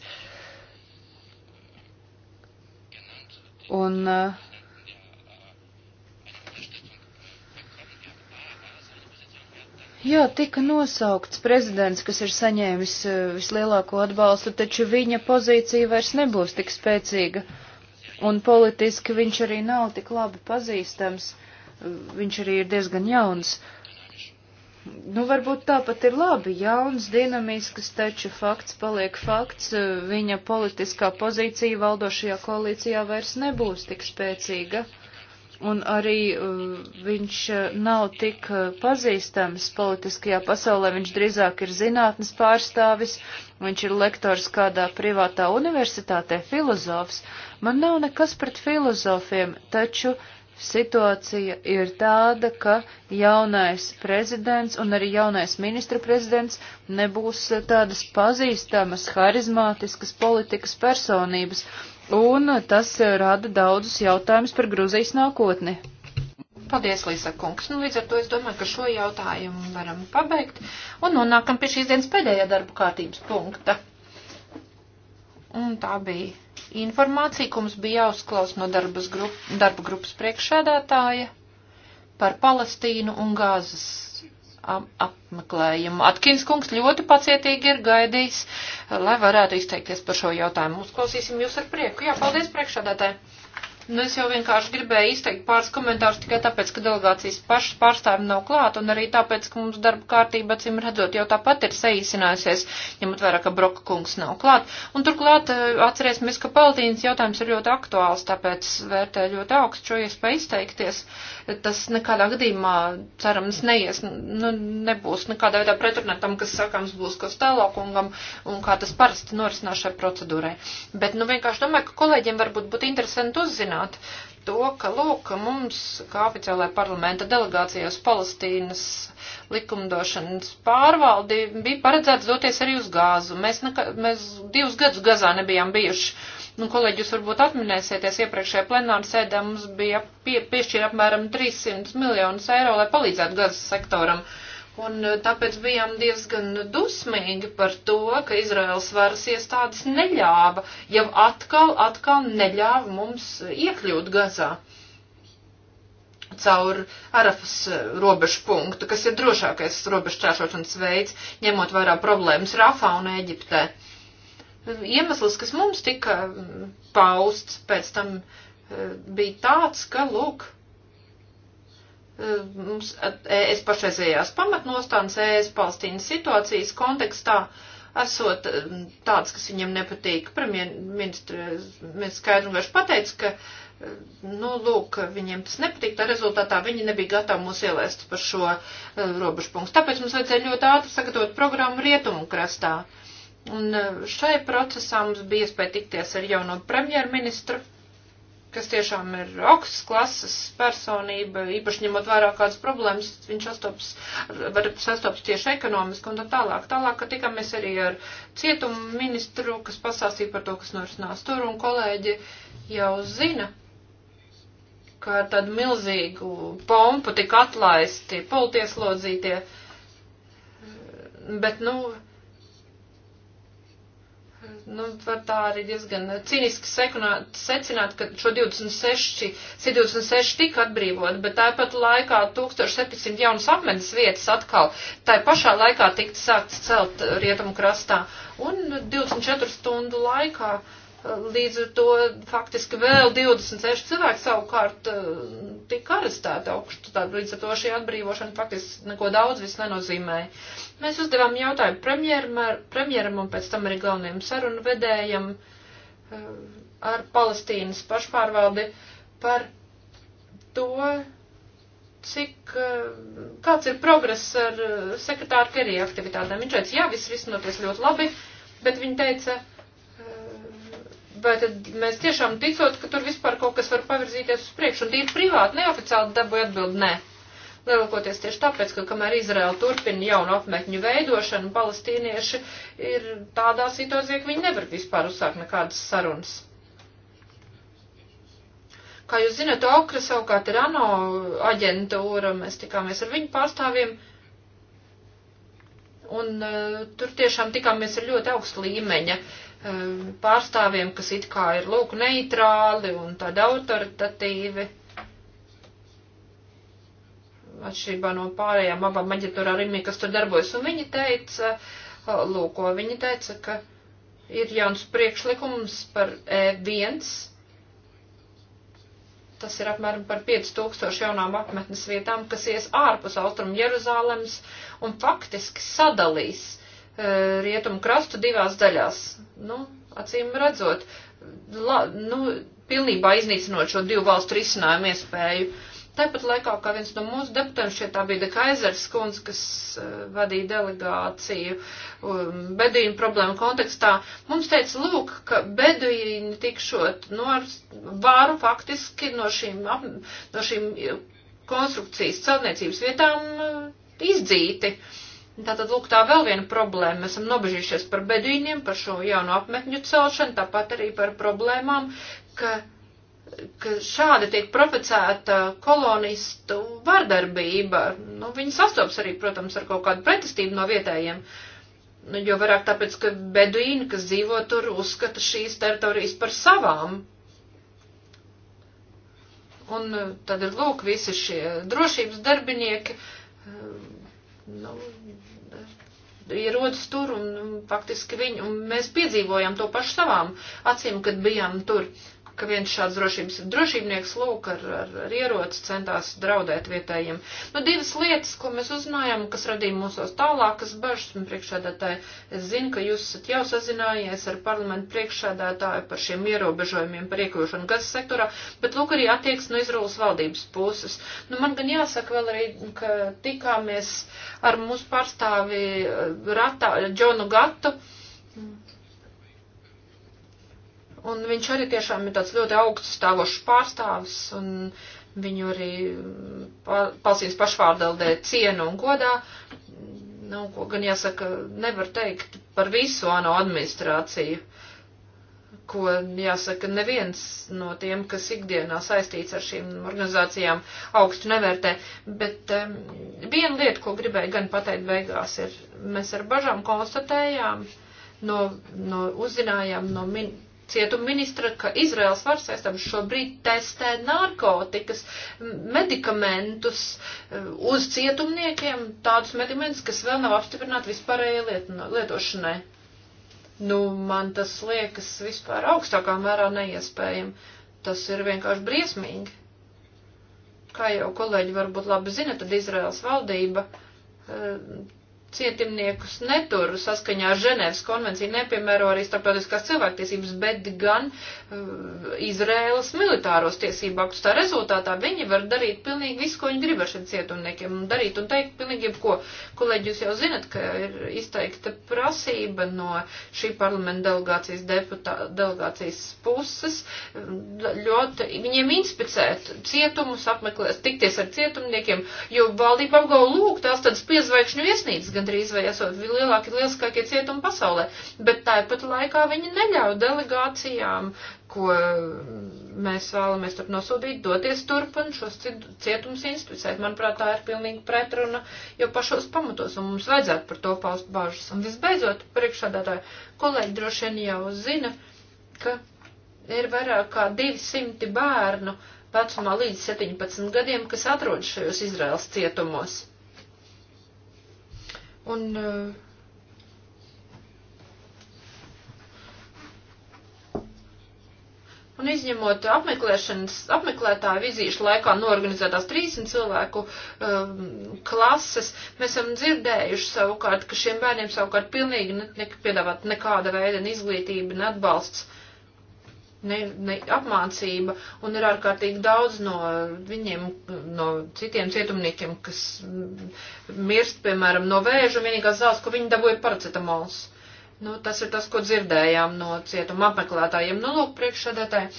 Un eh, Jā, tika nosaukts prezidents, kas ir saņēmis eh, vislielāko atbalstu, taču viņa pozīcija vairs nebūs tik spēcīga, un politiski viņš arī nav tik labi pazīstams, viņš arī ir diezgan jauns. Uh, Nu, varbūt tāpat ir labi, jauns, dinamisks, taču fakts paliek fakts, viņa politiskā pozīcija valdošajā koalīcijā vairs nebūs tik spēcīga, un arī uh, viņš uh, nav tik uh, pazīstams politiskajā pasaulē, viņš drīzāk ir zinātnes pārstāvis, viņš ir lektors kādā privātā universitātē, filozofs. Man nav nekas pret filozofiem, taču situācija ir tāda, ka jaunais prezidents un arī jaunais ministra prezidents nebūs tādas pazīstamas, harizmātiskas politikas personības, un tas rada daudzus jautājumus par Gruzijas nākotni. Paldies, Līsa kungs. Nu, līdz ar to es domāju, ka šo jautājumu varam pabeigt un nonākam pie šīs dienas pēdējā darba kārtības punkta. Un tā bija informāciju, ko mums bija jāuzklaus no darbas grup, darba grupas priekšsēdētāja par Palestīnu un Gāzes apmeklējumu. Atkins kungs ļoti pacietīgi ir gaidījis, lai varētu izteikties par šo jautājumu. Uzklausīsim jūs ar prieku. Jā, paldies priekšsēdētāji! Nu, es jau vienkārši gribēju izteikt pāris komentārus tikai tāpēc, ka delegācijas pašas pārstāvi nav klāt, un arī tāpēc, ka mums darba kārtība, acīm redzot, jau tāpat ir saīsinājusies, ņemot vērā, ka Broka kungs nav klāt. Un turklāt eh, atcerēsimies, ka Paltīnas jautājums ir ļoti aktuāls, tāpēc vērtē ļoti augstu šo iespēju izteikties. Tas nekādā gadījumā, cerams, neies, nu, nebūs nekādā veidā pretrunā tam, kas sakāms būs Kostēlā kungam un kā tas parasti norisinās šai procedūrai. Bet, nu, vienkārši domāju, ka kolēģiem varbūt būtu interesanti uzzināt, pieminēt to, ka, lūk, mums, kā oficiālajā parlamenta delegācijā uz Palestīnas likumdošanas pārvaldi, bija paredzēts doties arī uz gāzu. Mēs, nekā, mēs divus gadus gazā nebijām bijuši. Nu, kolēģi, jūs varbūt atminēsieties, iepriekšējā plenāra sēdē mums bija pie, piešķīra apmēram 300 miljonus eiro, lai palīdzētu gazas sektoram. Uh, Un eh, tāpēc bijām diezgan dusmīgi par to, ka Izraels varas iestādes neļāva, jau atkal, atkal neļāva mums iekļūt Gazā caur Arafas eh, robežu punktu, kas ir drošākais robežu čēršošanas veids, ņemot vērā problēmas Rafā un Eģiptē. Iemesls, kas mums tika mm, pausts pēc tam, eh, bija tāds, ka, lūk, mums ES pašreizējās pamatnostāns ES Palestīnas situācijas kontekstā esot um, tāds, kas viņam nepatīk. Premjerministra mēs skaidru un garšu pateica, ka, um, nu, lūk, viņiem tas nepatīk, tā rezultātā viņi nebija gatavi mūs ielaist par šo uh, um, robežu punktu. Tāpēc mums vajadzēja ļoti ātri sagatavot programmu rietumu krastā. Un šai procesā mums bija iespēja tikties ar jauno premjerministru kas tiešām ir augsts klases personība, īpaši ņemot vērā kādas problēmas, viņš sastops, var sastops tieši ekonomiski un tā tālāk. Tālāk, ka tikāmies arī ar cietumu ministru, kas pasāstīja par to, kas norisinās tur, un kolēģi jau zina, ka ar tādu milzīgu pompu tika atlaisti politieslodzītie, bet, nu, Nu, var tā arī diezgan cīniski sekunāt, secināt, ka šo 26, 26 tika atbrīvot, bet tāpat laikā 1700 jaunas apmenes vietas atkal, tā pašā laikā tika sākts celt rietumu krastā. Un 24 stundu laikā uh, Līdz ar to faktiski vēl 26 cilvēki savukārt eh, tika arestēti augstu, tad līdz ar to šī atbrīvošana faktiski neko daudz viss nenozīmēja. Mēs uzdevām jautājumu premjeram, premjeram un pēc tam arī galvenajam sarunu vedējam eh, ar Palestīnas pašpārvaldi par to, cik, eh, kāds ir progress ar sekretāru Kerija aktivitātēm. Viņš teica, jā, viss viss noties ļoti labi, bet viņi teica, vai tad mēs tiešām ticot, ka tur vispār kaut kas var pavirzīties uz priekšu? Un tīri privāti, neoficiāli dabūja atbildi nē. Lielākoties tieši tāpēc, ka kamēr Izraela turpina jaunu apmetņu veidošanu, palestīnieši ir tādā situācijā, ka viņi nevar vispār uzsākt nekādas sarunas. Kā jūs zināt, Okra savukārt ir ANO aģentūra, mēs tikāmies ar viņu pārstāvjiem. Un uh, tur tiešām tikāmies ar ļoti augstu līmeņa uh, Um, pārstāvjiem, kas it kā ir lūk neitrāli un tādi autoritatīvi. Atšķirībā no pārējām abām maģitorārim, kas tur darbojas, un viņi teica, uh, lūk, ko viņi teica, ka ir jauns priekšlikums par E1. Tas ir apmēram par 5000 jaunām apmetnes vietām, kas ies ārpus austrumu Jeruzālemes un faktiski sadalīs uh, Eh, rietumu krastu divās daļās. Nu, acīm redzot, la, nu, pilnībā iznīcinot šo divu valstu risinājumu iespēju. Tāpat laikā, kā viens no mūsu deputātiem, šeit tā bija Dekaizers kundze, kas uh, vadīja delegāciju um, beduīnu problēmu kontekstā, mums teica, lūk, ka beduīni tikšot no nu, ar vāru faktiski no šīm, ap, no šīm eh, konstrukcijas celtniecības vietām uh, izdzīti. Uh, Tātad, lūk, tā vēl viena problēma. Mēs esam nobežījušies par bedīniem, par šo jaunu apmetņu celšanu, tāpat arī par problēmām, ka, ka šādi tiek profecēta kolonistu vardarbība. Nu, viņi sastops arī, protams, ar kaut kādu pretestību no vietējiem. Nu, jo vairāk tāpēc, ka beduīni, kas dzīvo tur, uzskata šīs teritorijas par savām, un eh, tad ir lūk visi šie drošības darbinieki, eh, nu, ierodas tur un faktiski viņi, un mēs piedzīvojām to pašu savām acīm, kad bijām tur. Uh, ka viens šāds drošības drošībnieks lūk ar, ar, ar ieroci centās draudēt vietējiem. Nu, divas lietas, ko mēs uzzinājām, kas radīja mūsos tālākas bažas, un priekšādātāji, es zinu, ka jūs esat jau sazinājies ar parlamentu priekšādātāju par šiem ierobežojumiem par iekļūšanu gazas sektorā, bet lūk arī attieks no Izraels valdības puses. Nu, man gan jāsaka vēl arī, ka tikāmies ar mūsu pārstāvi uh, Ratā, Džonu Gatu, Un viņš arī tiešām ir tāds ļoti augsts stāvošs pārstāvis, un viņu arī mm, palsīs pašvārdaldē cienu un godā. Nu, ko gan jāsaka, nevar teikt par visu ANO administrāciju, ko jāsaka, neviens no tiem, kas ikdienā saistīts ar šīm organizācijām, augstu nevērtē. Bet um, viena lieta, ko gribēju gan pateikt beigās, ir, mēs ar bažām konstatējām, no, no uzzinājām no ministrijas cietuma ministra, ka Izraels varas aizstāvis šobrīd testē narkotikas, medikamentus e, uz cietumniekiem, tādus medikamentus, kas vēl nav apstiprināti vispārējai liet, lietošanai. Nu, man tas liekas vispār augstākā mērā neiespējami. Tas ir vienkārši briesmīgi. Kā jau kolēģi varbūt labi zina, tad Izraels valdība e, cietimniekus netur saskaņā ar Ženēvas konvenciju, nepiemēro arī starptautiskās cilvēktiesības, bet gan uh, Izrēlas militāros tiesību aktus. Tā rezultātā viņi var darīt pilnīgi visu, ko viņi grib ar šiem cietumniekiem, un darīt un teikt pilnīgi jebko. Kolēģi, jūs jau zinat, ka ir izteikta prasība no šī parlamenta delegācijas deputā, delegācijas puses um, ļoti viņiem inspicēt cietumus, apmeklēt, tikties ar cietumniekiem, jo valdība apgalvo, lūk, tās tādas piezvaigšņu viesnīcas gandrīz vai esot lielākie, lielākie cietumi pasaulē, bet tāpat laikā viņi neļauj delegācijām, ko mēs vēlamies turp nosūtīt, doties turp un šos cietumus inspicēt. Manuprāt, tā ir pilnīgi pretruna jau pašos pamatos, un mums vajadzētu par to paust bāžas. Un visbeidzot, priekšādātāji, kolēģi droši vien jau zina, ka ir vairāk kā 200 bērnu vecumā līdz 17 gadiem, kas atrodas šajos Izraels cietumos. Un uh, Un izņemot apmeklēšanas, apmeklētāju vizīšu laikā norganizētās 300 cilvēku um, klases, mēs esam dzirdējuši savukārt, ka šiem bērniem savukārt pilnīgi netiek piedāvāt nekāda veida ne izglītība, ne atbalsts. Uh, ne, ne, apmācība, un ir ārkārtīgi daudz no viņiem, no citiem cietumniekiem, kas mirst, piemēram, no vēža, un vienīgās zāles, ko viņi dabūja paracetamols. Nu, tas ir tas, ko dzirdējām no cietuma apmeklētājiem. Nu, lūk, priekšsēdētāji,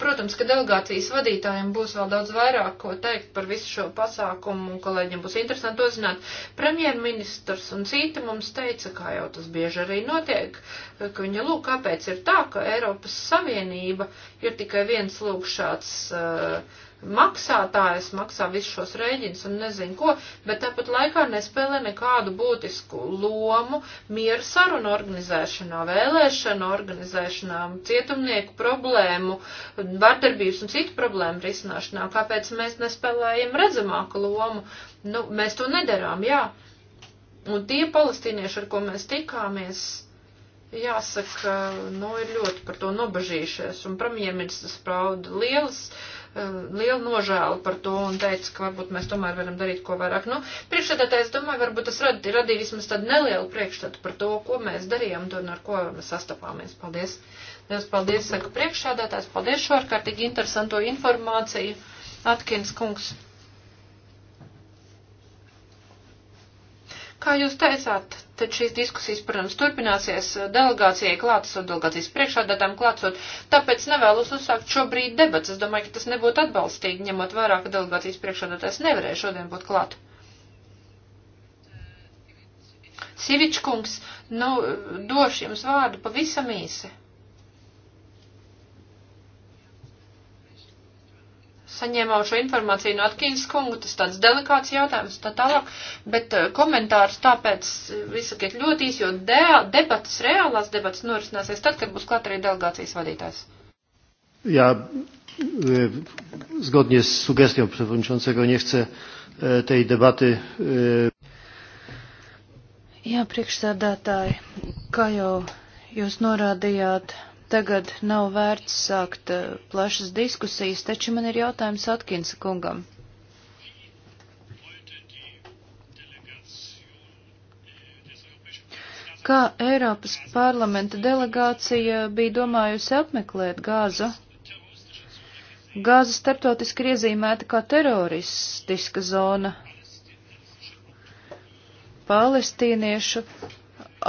Protams, ka delegācijas vadītājiem būs vēl daudz vairāk ko teikt par visu šo pasākumu, un kolēģiem būs interesanti to zināt. Premjerministrs un citi mums teica, kā jau tas bieži arī notiek, ka viņa lūk, kāpēc ir tā, ka Eiropas Savienība ir tikai viens lūk šāds. Uh, maksātājs maksā visus šos rēģinus un nezinu ko, bet tāpat laikā nespēlē nekādu būtisku lomu mieru sarunu organizēšanā, vēlēšanu organizēšanā, cietumnieku problēmu, vardarbības un citu problēmu risināšanā. Kāpēc mēs nespēlējam redzamāku lomu? Nu, mēs to nedarām, jā. Un tie palestīnieši, ar ko mēs tikāmies, jāsaka, nu, ir ļoti par to nobažījušies, un premjerministrs prauda lielas, eh, lielu nožēlu par to un teica, ka varbūt mēs tomēr varam darīt ko vairāk. Nu, priekšstādātājs domāju, varbūt tas rad, radīja vismaz tādu nelielu priekšstatu par to, ko mēs darījām un ar ko mēs sastapāmies. Paldies! Liels paldies, saka priekšstādātājs, paldies šo ārkārtīgi interesanto informāciju. Atkins kungs. Kā jūs teicāt, tad šīs diskusijas, protams, turpināsies delegācijai klātesot, delegācijas priekšādātām klātesot, tāpēc nevēlos uzsākt šobrīd debats. Es domāju, ka tas nebūtu atbalstīgi, ņemot vērā, ka delegācijas priekšādātājs nevarēja šodien būt klāt. Sivičkungs, nu, došu jums vārdu pavisam īsi. saņēmām šo informāciju no Atkins kungu, tas tāds delikāts jautājums, tā tālāk, bet eh, komentārs tāpēc eh, visakiet ļoti īs, jo de debatas, reālās debatas norisināsies tad, kad būs klāt arī delegācijas vadītājs. Jā, eh, zgodnie z sugestią przewodniczącego nie chcę tej debaty. Jā, priekšsēdētāji, kā jau jūs norādījāt, tagad nav vērts sākt eh, plašas diskusijas, taču man ir jautājums Atkinsa kungam. Kā Eiropas parlamenta delegācija bija domājusi apmeklēt Gāzu? Gāza starptautiski ir iezīmēta kā teroristiska zona. Palestīniešu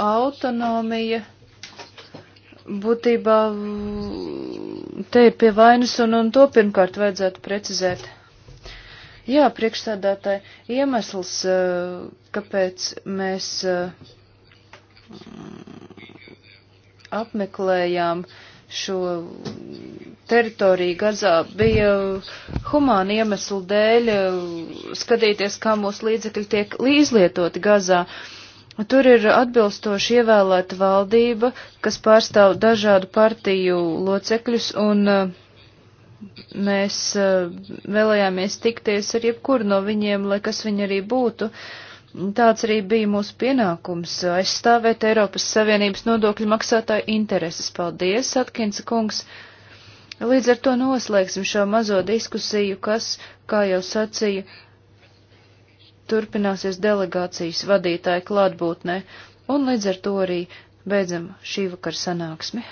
autonomija būtībā te ir pie vainas, un, un to pirmkārt vajadzētu precizēt. Jā, priekšsādātāji, iemesls, eh, kāpēc mēs eh, apmeklējām šo teritoriju Gazā, bija humāna iemesla dēļ eh, skatīties, kā mūsu līdzekļi tiek izlietoti Gazā. Uh, Tur ir atbilstoši ievēlēta valdība, kas pārstāv dažādu partiju locekļus, un uh, mēs uh, vēlējāmies tikties ar jebkuru no viņiem, lai kas viņi arī būtu. Tāds arī bija mūsu pienākums - aizstāvēt Eiropas Savienības nodokļu maksātāju intereses. Paldies, Atkinsa kungs! Līdz ar to noslēgsim šo mazo diskusiju, kas, kā jau sacīju, turpināsies delegācijas vadītāja klātbūtnē, un līdz ar to arī beidzam šī vakara sanāksmi.